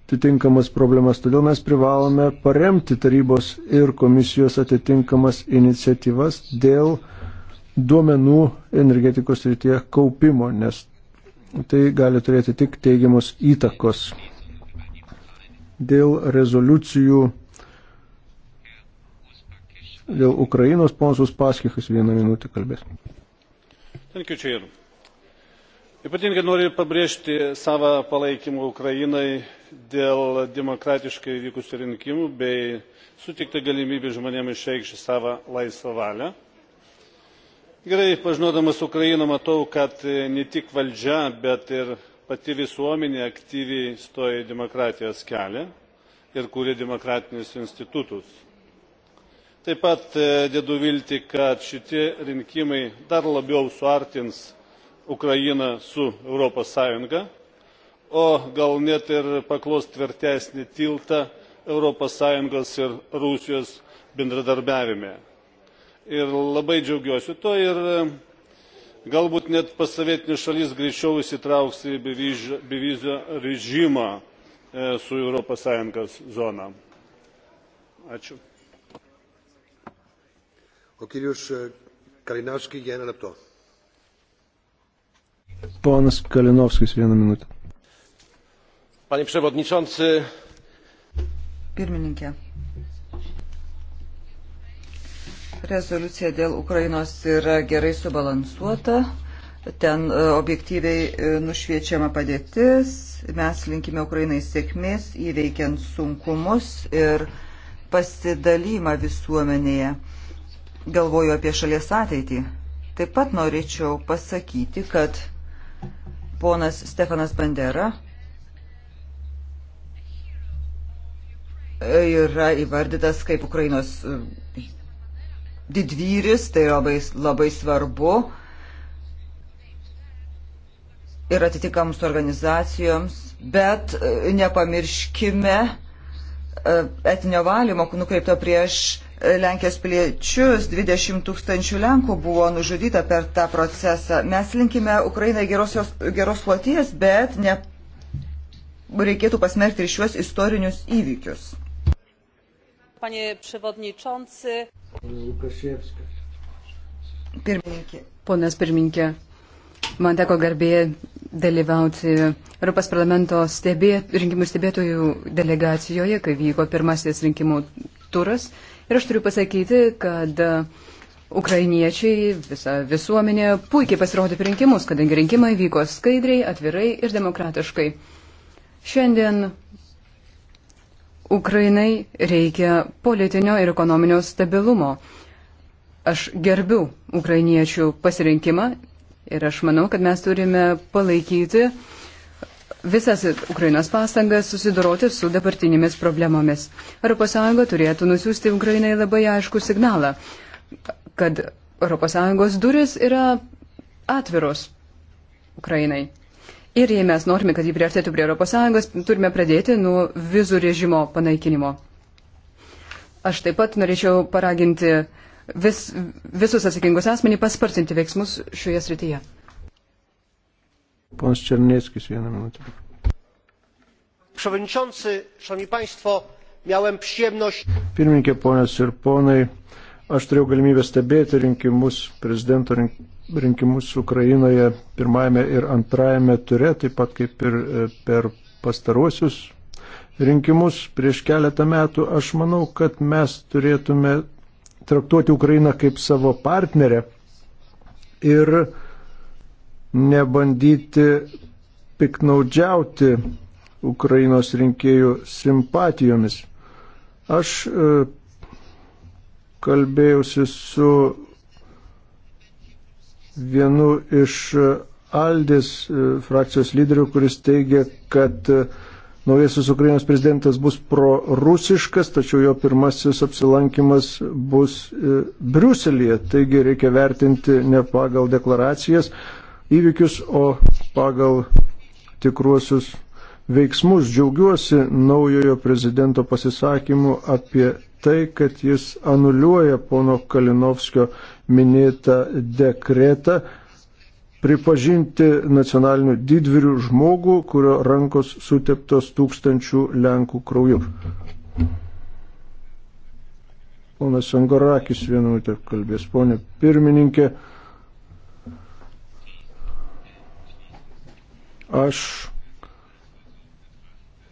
atitinkamas problemas. Todėl mes privalome paremti tarybos ir komisijos atitinkamas iniciatyvas dėl duomenų energetikos rytyje kaupimo, nes tai gali turėti tik teigiamos įtakos dėl rezoliucijų Dėl Ukrainos ponsus Paskikas vieną minutę kalbės. Ypatingai noriu pabrėžti savo palaikymą Ukrainai dėl demokratiškai vykusių rinkimų bei suteikta galimybė žmonėms išreikšti savo laisvą valią. Gerai, pažinodamas Ukrainą matau, kad ne tik valdžia, bet ir pati visuomenė aktyviai stoja į demokratijos kelią ir kūrė demokratinius institutus taip pat e, dedu viltį kad šitie rinkimai dar labiau suartins ukrainą su europos sąjunga o gal net ir paklos tvirtesnį tiltą europos sąjungos ir rusijos bendradarbiavime. ir labai džiaugiuosi tuo ir e, galbūt net posovietinė šalis greičiau įsitrauks į bevizio režimą e, su europos sąjungos zona. ačiū. O kirius Kalinauskis, vieną lapto. Ponas Kalinovskis, vieną minutę. Panie Przewodniczący. Pirmininkė. Rezoliucija dėl Ukrainos yra gerai subalansuota. Ten e, objektyviai e, nušviečiama padėtis. Mes linkime Ukrainai sėkmės įveikiant sunkumus ir pasidalymą visuomenėje galvoju apie šalies ateitį. Taip pat norėčiau pasakyti, kad ponas Stefanas Bandera yra įvardytas kaip Ukrainos e, didvyris, tai labai, labai svarbu ir atitikams organizacijoms, bet e, nepamirškime e, etnio valymo nukreipto prieš Lenkijos piliečius, 20 tūkstančių Lenkų buvo nužudyta per tą procesą. Mes linkime Ukrainai geros, jos, geros kloties, bet ne, reikėtų pasmerkti ir šiuos istorinius įvykius. Panie Przewodniczący. Pirmininkė. Ponas pirmininkė, man teko garbė dalyvauti Europos parlamento stebė, rinkimų stebėtojų delegacijoje, kai vyko pirmasis rinkimų turas. Uh, Ir aš turiu pasakyti, kad e, Ukrainiečiai, visa visuomenė puikiai pasirodė per rinkimus, kadangi rinkimai vyko skaidriai, atvirai ir demokratiškai. Šiandien Ukrainai reikia politinio ir ekonominio stabilumo. Aš gerbiu ukrainiečių pasirinkimą ir aš manau, kad mes turime palaikyti uh, visas Ukrainos pastangas susidoroti su dabartinėmis problemomis. ES turėtų nusiųsti Ukrainai labai aišku signalą, kad ES duris yra atviros Ukrainai. Ir jei mes norime, kad jį priartėtų prie ES, turime pradėti nuo vizų režimo panaikinimo. Aš taip pat norėčiau paraginti vis, visus atsakingus asmenį paspartinti veiksmus šioje srityje. Ponas Černieckis vieną minutę. Przewodniczący, Szanowni Państwo, miałem przyjemność. Pirmininkė, ponas ir ponai, aš turėjau galimybę stebėti rinkimus, prezidento rinkimus Ukrainoje pirmajame ir antrajame ture, taip pat kaip ir e, per pastaruosius rinkimus prieš keletą metų. Aš manau, kad mes turėtume traktuoti Ukrainą kaip savo partnerę ir nebandyti piknaudžiauti Ukrainos rinkėjų simpatijomis. Aš e, kalbėjausi su vienu iš Aldis e, frakcijos lyderių, kuris teigia, kad e, naujasis Ukrainos prezidentas bus prorusiškas, tačiau jo pirmasis apsilankimas bus Briuselėje. Taigi reikia vertinti ne pagal deklaracijas, įvykius, o pagal tikruosius veiksmus. Džiaugiuosi naujojo prezidento pasisakymu apie tai, kad jis anuliuoja pono Kalinovskio minėtą dekretą pripažinti nacionaliniu didviriu žmogų, kurio rankos suteptos tūkstančių Lenkų krauju. Ponas Angorakis vieną minutę kalbės, ponė pirmininkė. Aš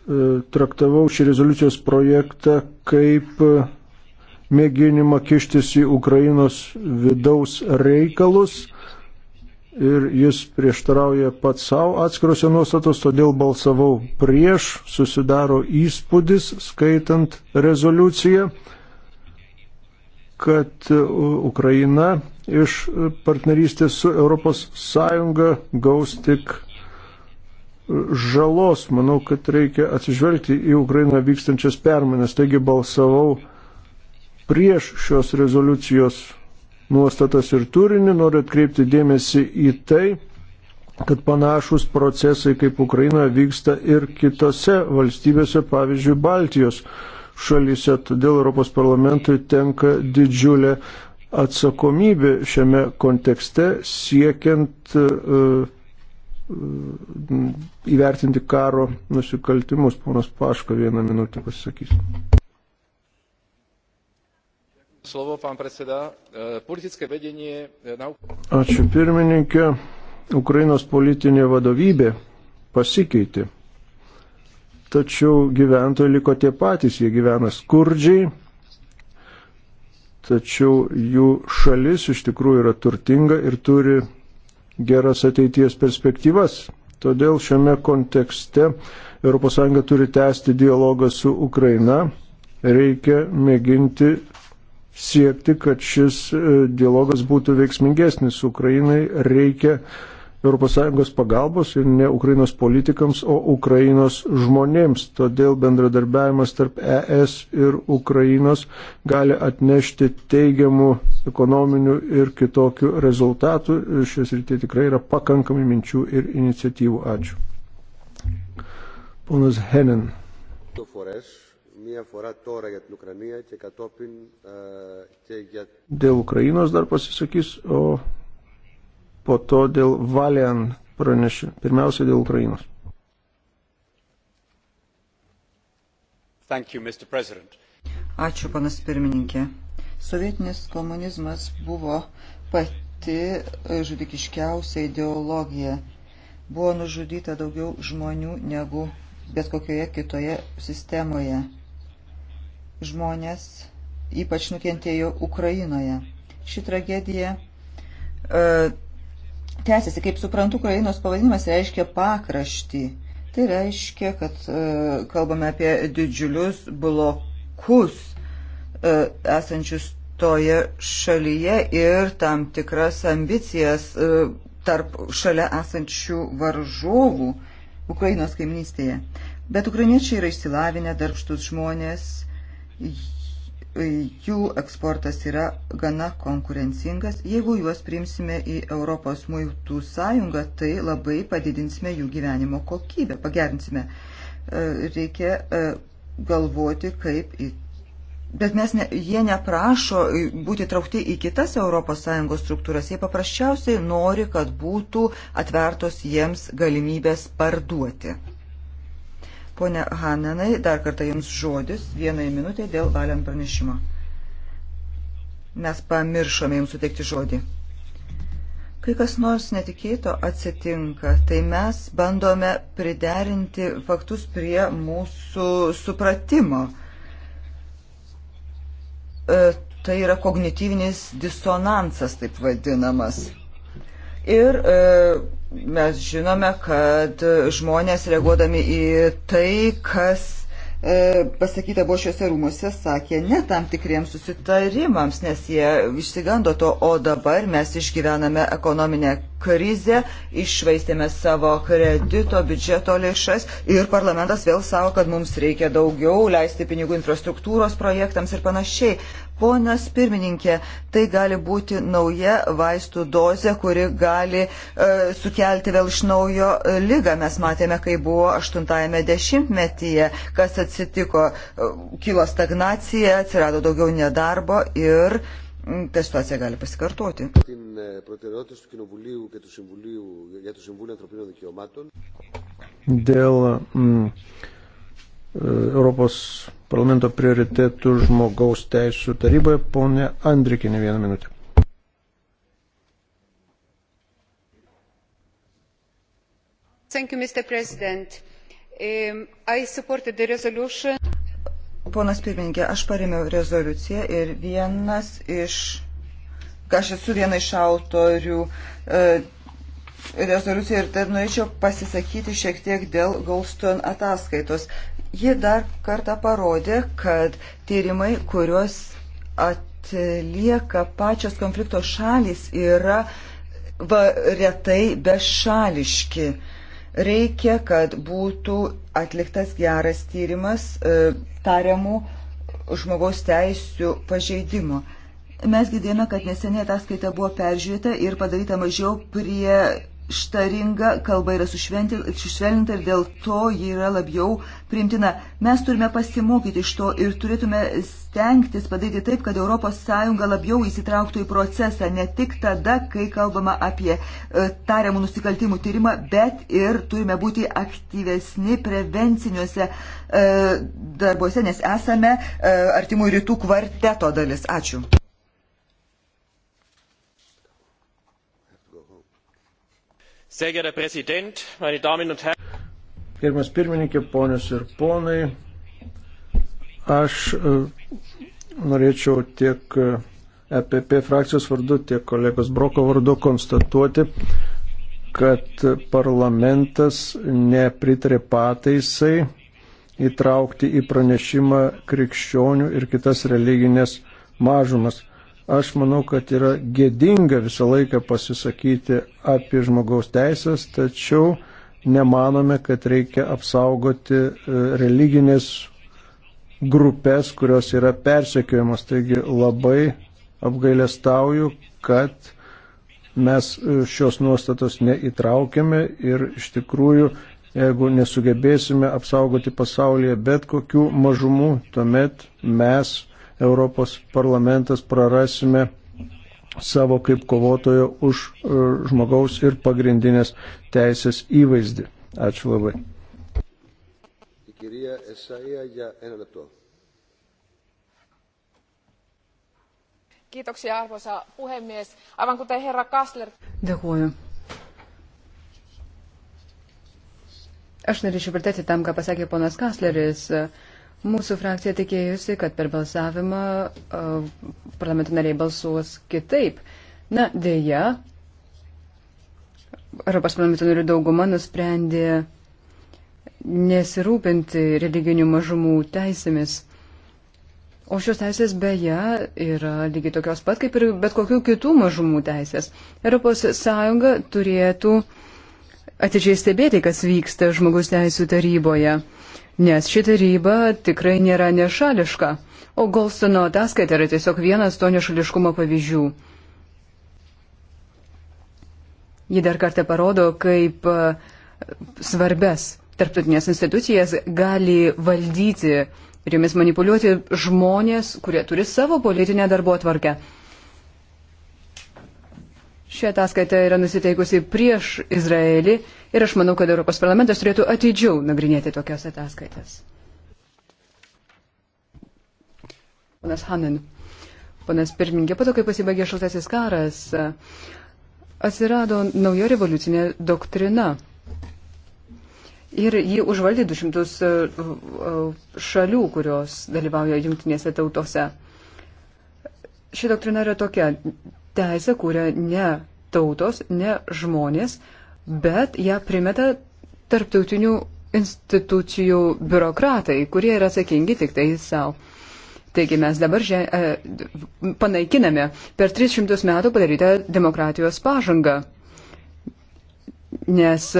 e, traktavau šį rezoliucijos projektą kaip e, mėginimą kištis į Ukrainos vidaus reikalus ir jis prieštarauja pats savo atskirose nuostatos, todėl balsavau prieš, susidaro įspūdis, skaitant rezoliuciją, kad e, Ukraina iš partnerystės su ES gaus tik žalos. Manau, kad reikia atsižvelgti į Ukrainą vykstančias permenas. Taigi balsavau prieš šios rezoliucijos nuostatas ir turinį. Noriu atkreipti dėmesį į tai, kad panašus procesai kaip Ukrainoje vyksta ir kitose valstybėse, pavyzdžiui, Baltijos šalyse. Todėl Europos parlamentui tenka didžiulė atsakomybė šiame kontekste siekiant uh, Mm, įvertinti karo nusikaltimus. Ponas Paško vieną minutę pasisakys. Slovo, pán predseda. E, politické vedenie e, na Ačiū pirmininkė. Ukrainos politinė vadovybė pasikeitė. Tačiau gyventojai liko tie patys, jie gyvena skurdžiai, tačiau jų šalis iš tikrųjų yra turtinga ir turi geras ateities perspektyvas. Todėl šiame kontekste ES turi tęsti dialogą su Ukraina. Reikia mėginti siekti, kad šis e, dialogas būtų veiksmingesnis. Ukrainai reikia ES pagalbos ir ne Ukrainos politikams, o Ukrainos žmonėms. Todėl bendradarbiavimas tarp ES ir Ukrainos gali atnešti teigiamų ekonominių ir kitokių rezultatų. Šios rytė tikrai yra pakankamai minčių ir iniciatyvų. Ačiū. Ponas Henin. Dėl Ukrainos dar pasisakys, o po to dėl Valian pranešė. Pirmiausia, dėl Ukrainos. Thank you, Ačiū, panas pirmininkė. Sovietinis komunizmas buvo pati e, žudikiškiausia ideologija. Buvo nužudyta daugiau žmonių negu bet kokioje kitoje sistemoje. Žmonės ypač nukentėjo Ukrainoje. Ši tragedija uh, e, tęsiasi. Kaip suprantu, Ukrainos pavadinimas reiškia pakraštį. Tai reiškia, kad e, kalbame apie didžiulius blokus e, esančius toje šalyje ir tam tikras ambicijas e, tarp šalia esančių varžovų Ukrainos kaiminystėje. Bet ukrainiečiai yra išsilavinę, darbštus žmonės, jų eksportas yra gana konkurencingas. Jeigu juos priimsime į Europos muitų sąjungą, tai labai padidinsime jų gyvenimo kokybę, pagerinsime. E, reikia e, galvoti, kaip į. Bet mes ne, jie neprašo būti traukti į kitas ES struktūras, jie paprasčiausiai nori, kad būtų atvertos jiems galimybės parduoti. Pone Hananai, dar kartą Jums žodis, vienai minutė dėl valiant pranešimo. Mes pamiršome Jums suteikti žodį. Kai kas nors netikėto atsitinka, tai mes bandome priderinti faktus prie mūsų supratimo. E, tai yra kognityvinis disonansas, taip vadinamas. Ir e, mes žinome, kad žmonės reaguodami į tai, kas e, pasakyta buvo šiuose rūmuose, sakė ne tam tikriems susitarimams, nes jie išsigando to, o dabar mes išgyvename ekonominę krizę, išvaistėme savo kredito, biudžeto lėšas ir parlamentas vėl savo, kad mums reikia daugiau leisti pinigų infrastruktūros projektams ir panašiai. Ponas pirmininkė, tai gali būti nauja vaistų dozė, kuri gali e, sukelti vėl iš naujo lygą. Mes matėme, kai buvo 80-ame dešimtmetyje, kas atsitiko, e, kilo stagnacija, atsirado daugiau nedarbo ir ta situacija gali pasikartoti. E, Dėl mm, e, Europos parlamento prioritėtų žmogaus teisų taryboje. Pone Andrikinė, vieną minutę. You, mr president um, i supported the resolution Ponas pirmininkė, aš paremiau rezoliuciją ir vienas iš, aš esu viena iš autorių e, rezoliucijų ir tad norėčiau pasisakyti šiek tiek dėl Goldstone ataskaitos. Ji dar kartą parodė, kad tyrimai, kuriuos atlieka pačios konflikto šalis, yra va, retai bešališki. Reikia, kad būtų atliktas geras tyrimas e, tariamų žmogaus teisų pažeidimo. Mes girdėjome, kad neseniai ataskaita buvo peržiūrėta ir padaryta mažiau prie štaringa kalba yra sušvelninta ir dėl to ji yra labiau primtina. Mes turime pasimokyti iš to ir turėtume stengtis padaryti taip, kad ES labiau įsitrauktų į procesą, ne tik tada, kai kalbama apie e, tariamų nusikaltimų tyrimą, bet ir turime būti aktyvesni prevenciniuose e, darbuose, nes esame e, artimų rytų kvarteto dalis. Ačiū. Sehr geehrter Herr Präsident, meine Damen und Herren. Gerbiamas pirmininkė, ponios ir ponai, aš e, norėčiau tiek EPP e frakcijos vardu, tiek kolegos Broko vardu konstatuoti, kad parlamentas nepritarė pataisai įtraukti į pranešimą krikščionių ir kitas religinės mažumas. Aš manau, kad yra gėdinga visą laiką pasisakyti apie žmogaus teisės, tačiau nemanome, kad reikia apsaugoti e, religinės grupės, kurios yra persekiojamos. Taigi labai apgailestauju, kad mes e, šios nuostatos neįtraukiame ir iš tikrųjų, jeigu nesugebėsime apsaugoti pasaulyje bet kokių mažumų, tuomet mes Europos parlamentas prarasime savo kaip kovotojo už e, žmogaus ir pagrindinės teisės įvaizdį. Ačiū labai. Kiitoksia arvoisa puhemies. Aivan kuten herra Kassler. Dėkuoju. Aš norėčiau pritarti tam, ką pasakė ponas Kasleris. Uh, Mūsų frakcija tikėjusi, kad per balsavimą parlamento nariai balsuos kitaip. Na, dėja, Europos parlamento narių dauguma nusprendė nesirūpinti religinių mažumų teisėmis. O šios teisės beje yra lygiai tokios pat kaip ir bet kokių kitų mažumų teisės. Europos Sąjunga turėtų atidžiai stebėti, kas vyksta žmogus teisų taryboje nes ši taryba tikrai nėra nešališka, o Golstono ataskaita yra tiesiog vienas to nešališkumo pavyzdžių. Ji dar kartą parodo, kaip e, svarbes tarptautinės institucijas gali valdyti ir jomis manipuliuoti žmonės, kurie turi savo politinę darbo atvarkę. Ši ataskaita yra nusiteikusi prieš Izraelį Ir aš manau, kad Europos parlamentas turėtų atidžiau nagrinėti tokias ataskaitas. Ponas Hanin, ponas pirmingė, po to, kai pasibaigė šaltasis karas, atsirado nauja revoliucinė doktrina. Ir ji užvaldė 200 e, e, šalių, kurios dalyvauja jungtinėse tautose. Ši doktrina yra tokia. Teisę kūrė ne tautos, ne žmonės, bet ją primeta tarptautinių institucijų biurokratai, kurie yra atsakingi tik tai savo. Taigi mes dabar že, e, panaikiname per 300 metų padarytą demokratijos pažangą, nes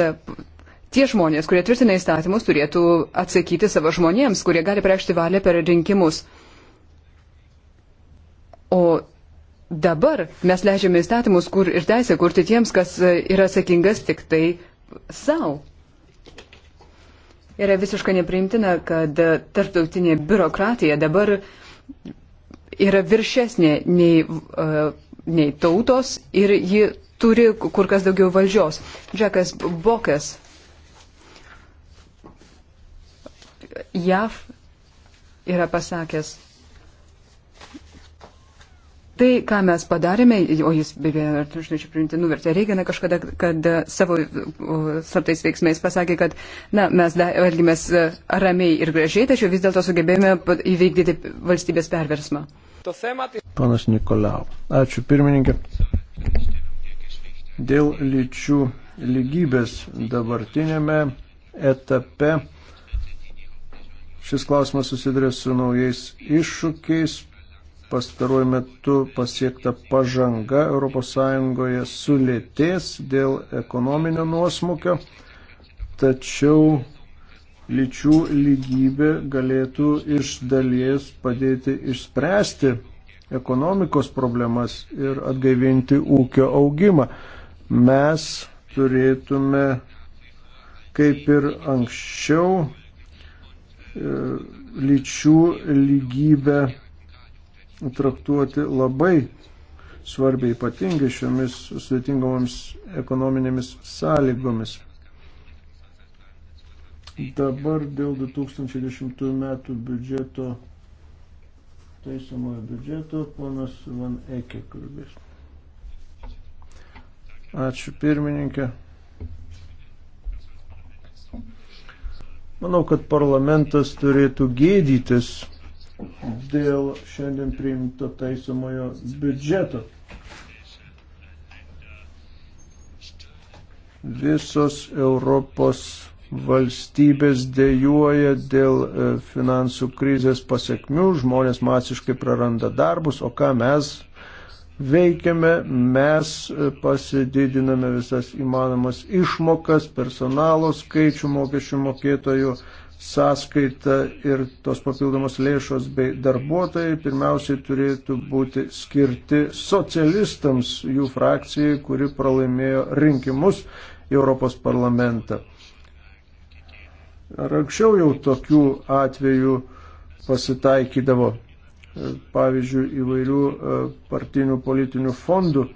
tie žmonės, kurie tvirtina įstatymus, turėtų atsakyti savo žmonėms, kurie gali priekšti valią per rinkimus. O dabar mes leidžiame įstatymus kur ir teisę kurti tiems, kas e, yra atsakingas tik tai savo. Yra visiškai nepriimtina, kad e, tarptautinė biurokratija dabar yra viršesnė nei, uh, nei tautos ir ji turi kur kas daugiau valdžios. Džekas Bokas, JAV, yra pasakęs, Tai, ką mes padarėme, o jis, beje, aš norėčiau priminti, nuvertė Reigeną kažkada, kad savo slaptais veiksmais pasakė, kad na, mes elgėmės e, ramiai ir gražiai, tačiau vis dėlto sugebėjome įveikdyti valstybės perversmą. Tai- Panas Nikolau. Ačiū, pirmininkė. Dėl lyčių lygybės dabartinėme etape šis klausimas susiduria su naujais iššūkiais pastaruoju metu pasiekta pažanga ES sulėtės dėl ekonominio nuosmukio, tačiau lyčių lygybė galėtų iš dalies padėti išspręsti ekonomikos problemas ir atgaivinti ūkio augimą. Mes turėtume, kaip ir anksčiau, e, lyčių lygybę traktuoti labai svarbiai ypatingai šiomis sudėtingomis ekonominėmis sąlygomis. Dabar dėl 2010 metų biudžeto, taisomojo biudžeto, ponas Van Eke kalbės. Ačiū pirmininkė. Manau, kad parlamentas turėtų gėdytis dėl šiandien priimto taisomojo biudžeto. Visos Europos valstybės dėjuoja dėl e, finansų krizės pasiekmių, žmonės masiškai praranda darbus, o ką mes veikiame, mes e, pasididiname visas įmanomas išmokas, personalo skaičių mokesčių mokėtojų sąskaita ir tos papildomos lėšos bei darbuotojai pirmiausiai turėtų būti skirti socialistams jų frakcijai, kuri pralaimėjo rinkimus į Europos parlamentą. Ar anksčiau jau tokių atvejų pasitaikydavo, pavyzdžiui, įvairių e, partinių politinių fondų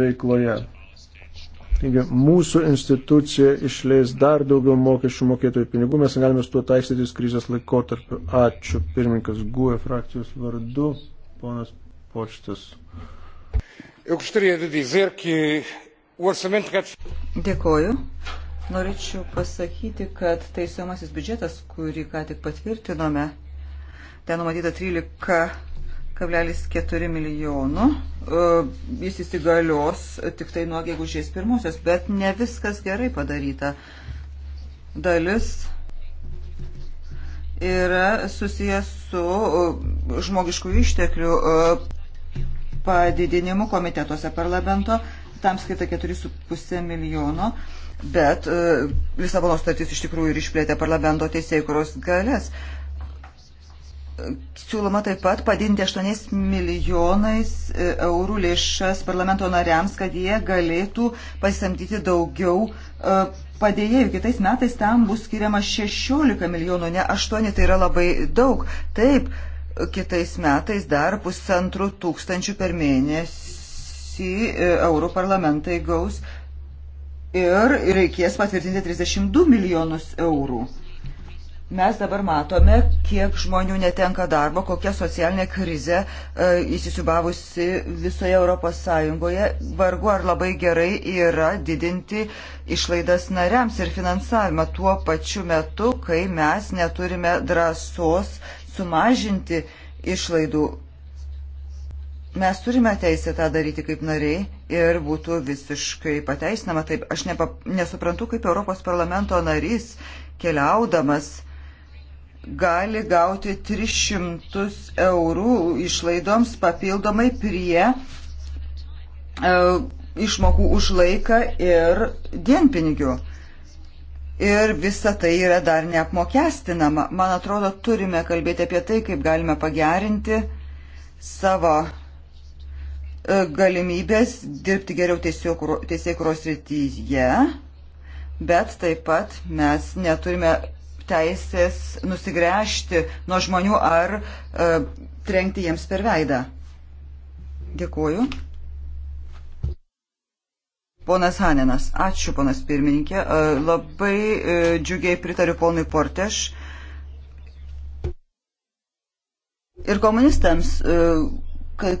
veikloje. Taigi, mūsų institucija išleis dar daugiau mokesčių mokėtojų pinigų, mes galime su tuo taikstytis krizės laikotarpiu. Ačiū, pirmininkas Guė frakcijos vardu, ponas Počtas. Dėkoju. Norėčiau pasakyti, kad taisomasis biudžetas, kurį ką tik patvirtinome, ten numatyta 13 1,4 milijonų. E, jis įsigalios tik tai nuo gegužės pirmosios, bet ne viskas gerai padaryta. Dalis yra susijęs su e, žmogiškų išteklių e, padidinimu komitetuose parlamento, tam skirta 4,5 milijono, bet Lisabono statys iš tikrųjų ir išplėtė parlamento teisėjų, kurios galės. Siūloma taip pat padinti 8 milijonais e, eurų lėšas parlamento nariams, kad jie galėtų pasisamdyti daugiau e, padėjėjų. Kitais metais tam bus skiriama 16 milijonų, ne 8, tai yra labai daug. Taip, kitais metais dar pusantrų tūkstančių per mėnesį e, eurų parlamentai gaus ir reikės patvirtinti 32 milijonus eurų. Mes dabar matome, kiek žmonių netenka darbo, kokia socialinė krize e, įsisiubavusi visoje Europos Sąjungoje. Vargu ar labai gerai yra didinti išlaidas nariams ir finansavimą tuo pačiu metu, kai mes neturime drąsos sumažinti išlaidų. Mes turime teisę tą daryti kaip nariai ir būtų visiškai pateisinama. Taip, aš nepa, nesuprantu, kaip Europos parlamento narys keliaudamas gali gauti 300 eurų išlaidoms papildomai prie e, išmokų už laiką ir dienpinigių. Ir visa tai yra dar neapmokestinama. Man atrodo, turime kalbėti apie tai, kaip galime pagerinti savo e, galimybės dirbti geriau teisėkuros rytyje, bet taip pat mes neturime teisės nusigręžti nuo žmonių ar e, trenkti jiems per veidą. Dėkuoju. Ponas Hanenas, ačiū ponas pirmininkė. E, labai e, džiugiai pritariu ponui Porteš. Ir komunistams. E,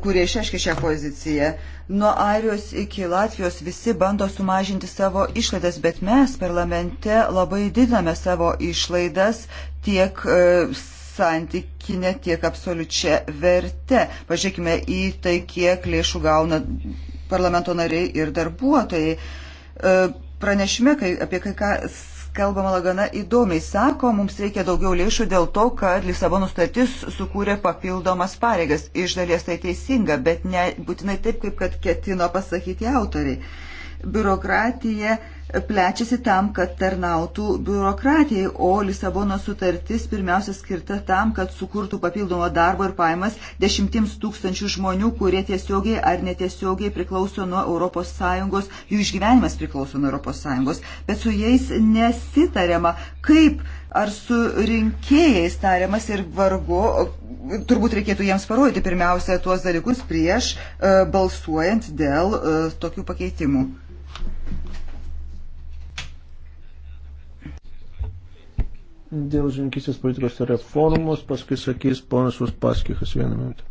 kurie išreiškė šią poziciją. Nuo Airijos iki Latvijos visi bando sumažinti savo išlaidas, bet mes parlamente labai didiname savo išlaidas tiek e, santykinę, tiek absoliučią vertę. Pažiūrėkime į tai, kiek lėšų gauna parlamento nariai ir darbuotojai. E, pranešime, kai, apie kai ką kalbama gana įdomiai. Sako, mums reikia daugiau lėšų dėl to, kad Lisabono statis sukūrė papildomas pareigas. Iš dalies tai teisinga, bet ne būtinai taip, kaip kad ketino pasakyti autoriai. Biurokratija plečiasi tam, kad tarnautų biurokratijai, o Lisabono sutartis pirmiausia skirta tam, kad sukurtų papildomą darbą ir paimas dešimtims tūkstančių žmonių, kurie tiesiogiai ar netiesiogiai priklauso nuo ES, jų išgyvenimas priklauso nuo ES, bet su jais nesitariama, kaip ar su rinkėjais tariamas ir vargu, turbūt reikėtų jiems parodyti pirmiausia tuos dalykus prieš e, balsuojant dėl e, tokių pakeitimų. dėl žininkistės politikos reformos, paskui sakys ponas Uspaskichas vieną minutę.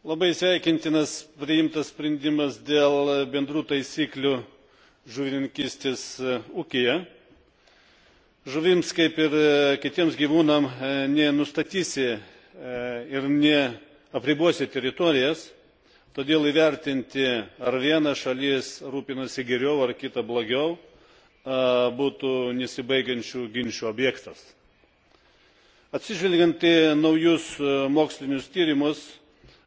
Labai sveikintinas priimtas sprendimas dėl bendrų taisyklių žuvininkistės e, ūkija. Žuvims kaip ir e, kitiems gyvūnams e, nenustatysi ir neapribosi teritorijas todėl įvertinti ar viena šalis rūpinasi geriau ar kita blogiau būtų nesibaigiančių ginčų objektas. atsižvelgiant į naujus mokslinius tyrimus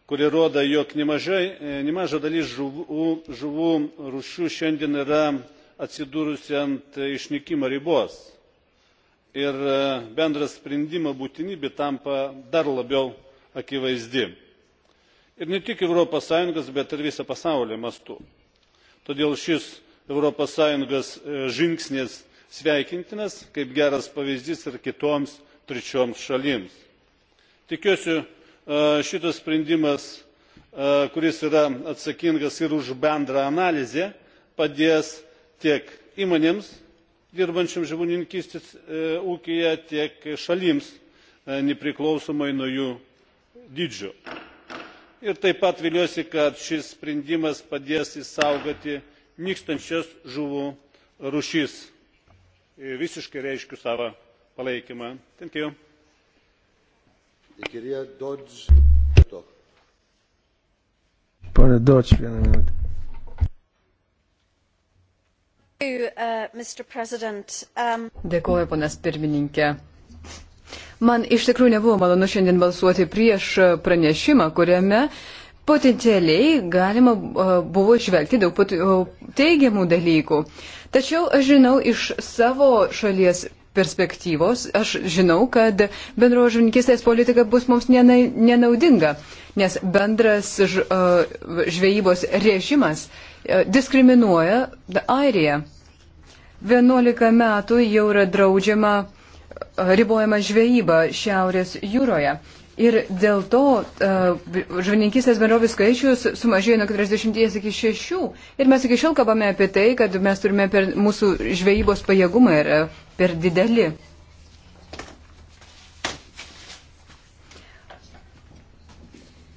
kurie rodo jog e, nemaža dalis žuvų, žuvų rūšių šiandien yra atsidūrusi ant išnykimo ribos ir e, bendra sprendimo būtinybė tampa dar labiau akivaizdi ir ne tik europos sąjungos bet ir viso pasaulio mastu. todėl šis europos sąjungos e, žingsnis sveikintinas kaip geras pavyzdys ir kitoms trečioms šalims. tikiuosi e, šitas sprendimas e, kuris yra atsakingas ir už bendrą analizę padės tiek įmonėms dirbančioms žuvininkystės ūkyje tiek šalims nepriklausomai nuo jų dydžio ir taip pat viliuosi kad šis sprendimas padės išsaugoti nykstančias žuvų rūšis. E, visiškai reiškiu savo palaikymą. Uh, um, Dėkuoju, ponas pirmininkė. Man iš tikrųjų nebuvo malonu šiandien balsuoti prieš e, pranešimą, kuriame potencialiai galima e, buvo išvelgti daug e, teigiamų dalykų. Tačiau aš žinau iš savo šalies perspektyvos, aš žinau, kad bendro žuvininkistės politika bus mums nenaudinga, nes bendras žvejybos režimas diskriminuoja Airiją. 11 metų jau yra draudžiama uh, ribojama žvejyba Šiaurės jūroje. Ir dėl to uh, žuvininkystės bendrovių skaičius sumažėjo nuo 40 iki 6. Ir mes iki šiol kalbame apie tai, kad mes turime per mūsų žvejybos pajėgumą yra e, per dideli.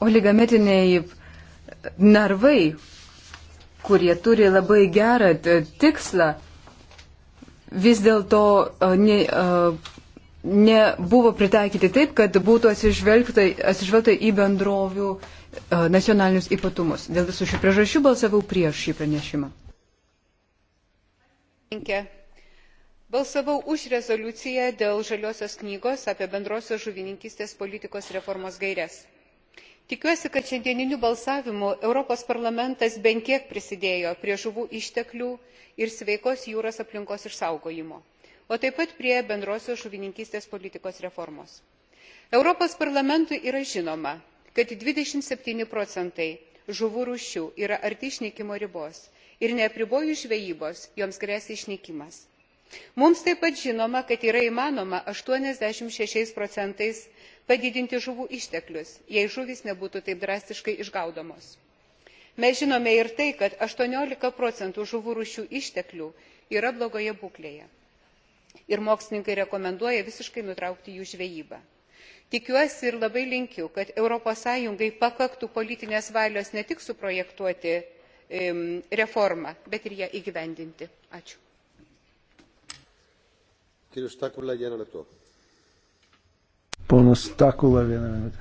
Oligametiniai narvai, kurie turi labai gerą tikslą, vis dėlto ne, nebuvo pritaikyti taip, kad būtų atsižvelgta, atsižvelgta į bendrovių nacionalinius ypatumus. Dėl visų šių priežasčių balsavau prieš šį pranešimą. Balsavau už rezoliuciją dėl žaliosios knygos apie bendrosios žuvininkystės politikos reformos gairias tikiuosi kad šiandieniniu balsavimu europos parlamentas bent kiek prisidėjo prie žuvų išteklių ir sveikos jūros aplinkos išsaugojimo o taip pat prie bendrosios žuvininkystės politikos reformos. europos parlamentui yra žinoma kad dvidešimt septyni procentai žuvų rūšių yra arti išnykimo ribos ir neapribojus žvejybos joms gresia išnykimas. mums taip pat žinoma kad yra įmanoma aštuoniasdešimt šeši procentais padidinti žuvų išteklius jei žuvys nebūtų taip drastiškai išgaudomos. mes žinome ir tai kad aštuoniolika procentų žuvų rūšių išteklių yra blogoje būklėje ir mokslininkai rekomenduoja visiškai nutraukti jų žvejybą. tikiuosi ir labai linkiu kad europos sąjungai pakaktų politinės valios ne tik suprojektuoti reformą bet ir ją įgyvendinti. ačiū. Ponas Takula vieną minutę.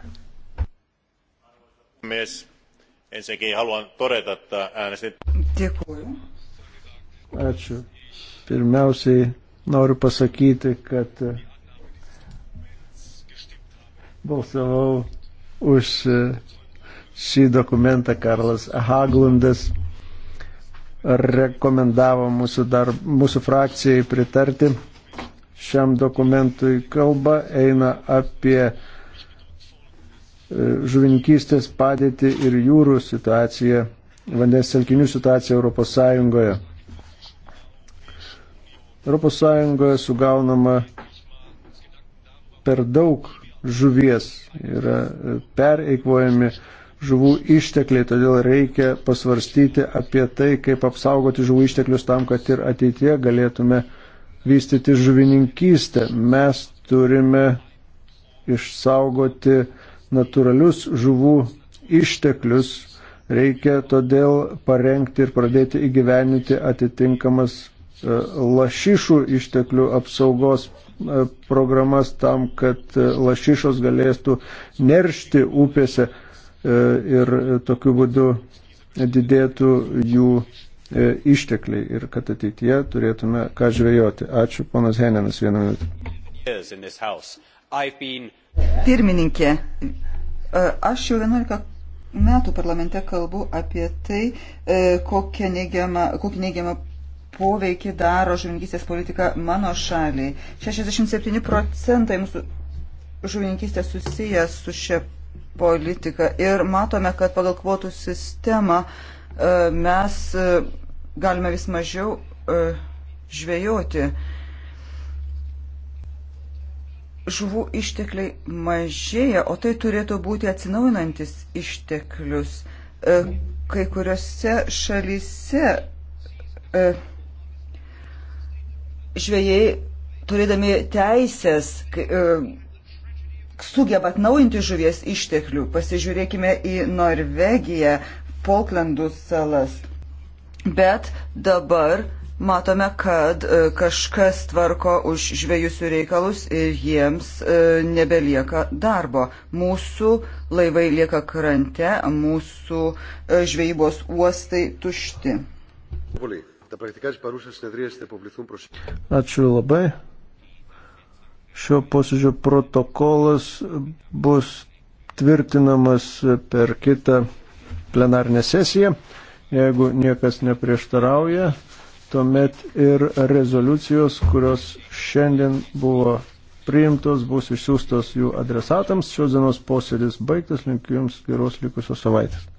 Ensinnäkin haluan todeta, että äänestin... Dėkuoju. Ačiū. Pirmiausiai noriu pasakyti, kad e, balsavau už e, šį dokumentą Karlas Haglundas rekomendavo mūsų, dar, mūsų frakcijai pritarti šiam dokumentui. Kalba eina apie e, žuvininkystės padėtį ir jūrų situaciją, vandens telkinių situaciją Europos Sąjungoje. Europos Sąjungoje sugaunama per daug žuvies, yra e, pereikvojami žuvų ištekliai, todėl reikia pasvarstyti apie tai, kaip apsaugoti žuvų išteklius tam, kad ir ateitie galėtume vystyti žuvininkystę. Mes turime išsaugoti natūralius žuvų išteklius. Reikia todėl parengti ir pradėti įgyveninti atitinkamas e, lašišų išteklių apsaugos e, programas tam, kad e, lašišos galėtų neršti upėse ir tokiu būdu didėtų jų E, ištekliai ir kad ateityje turėtume ką žvejoti. Ačiū, ponas Heninas, vieną minutę. Pirmininkė, e, aš jau 11 metų parlamente kalbu apie tai, e, kokią neigiamą, kokį neigiamą poveikį daro žuvininkystės politika mano šaliai. 67 procentai mūsų žuvininkystės susijęs su šia politika ir matome, kad pagal kvotų sistemą uh, E, mes e, galime vis mažiau e, žvejoti. Žuvų ištekliai mažėja, o tai turėtų būti atsinaujinantis išteklius. Kai kuriuose šalyse žvėjai, turėdami teisės, sugeba atnaujinti žuvies išteklių. Pasižiūrėkime į Norvegiją, Folklandų salas. Bet dabar matome, kad e, kažkas tvarko už žvėjusių reikalus ir jiems e, nebelieka darbo. Mūsų laivai lieka krante, mūsų e, žvejybos uostai tušti. Ačiū labai. Šio posėdžio protokolas bus tvirtinamas per kitą plenarinę sesiją. Jeigu niekas neprieštarauja, tuomet ir rezoliucijos, kurios šiandien buvo priimtos, bus išsiųstos jų adresatams. Šios dienos posėdis baigtas, linkiu Jums geros likusios savaitės.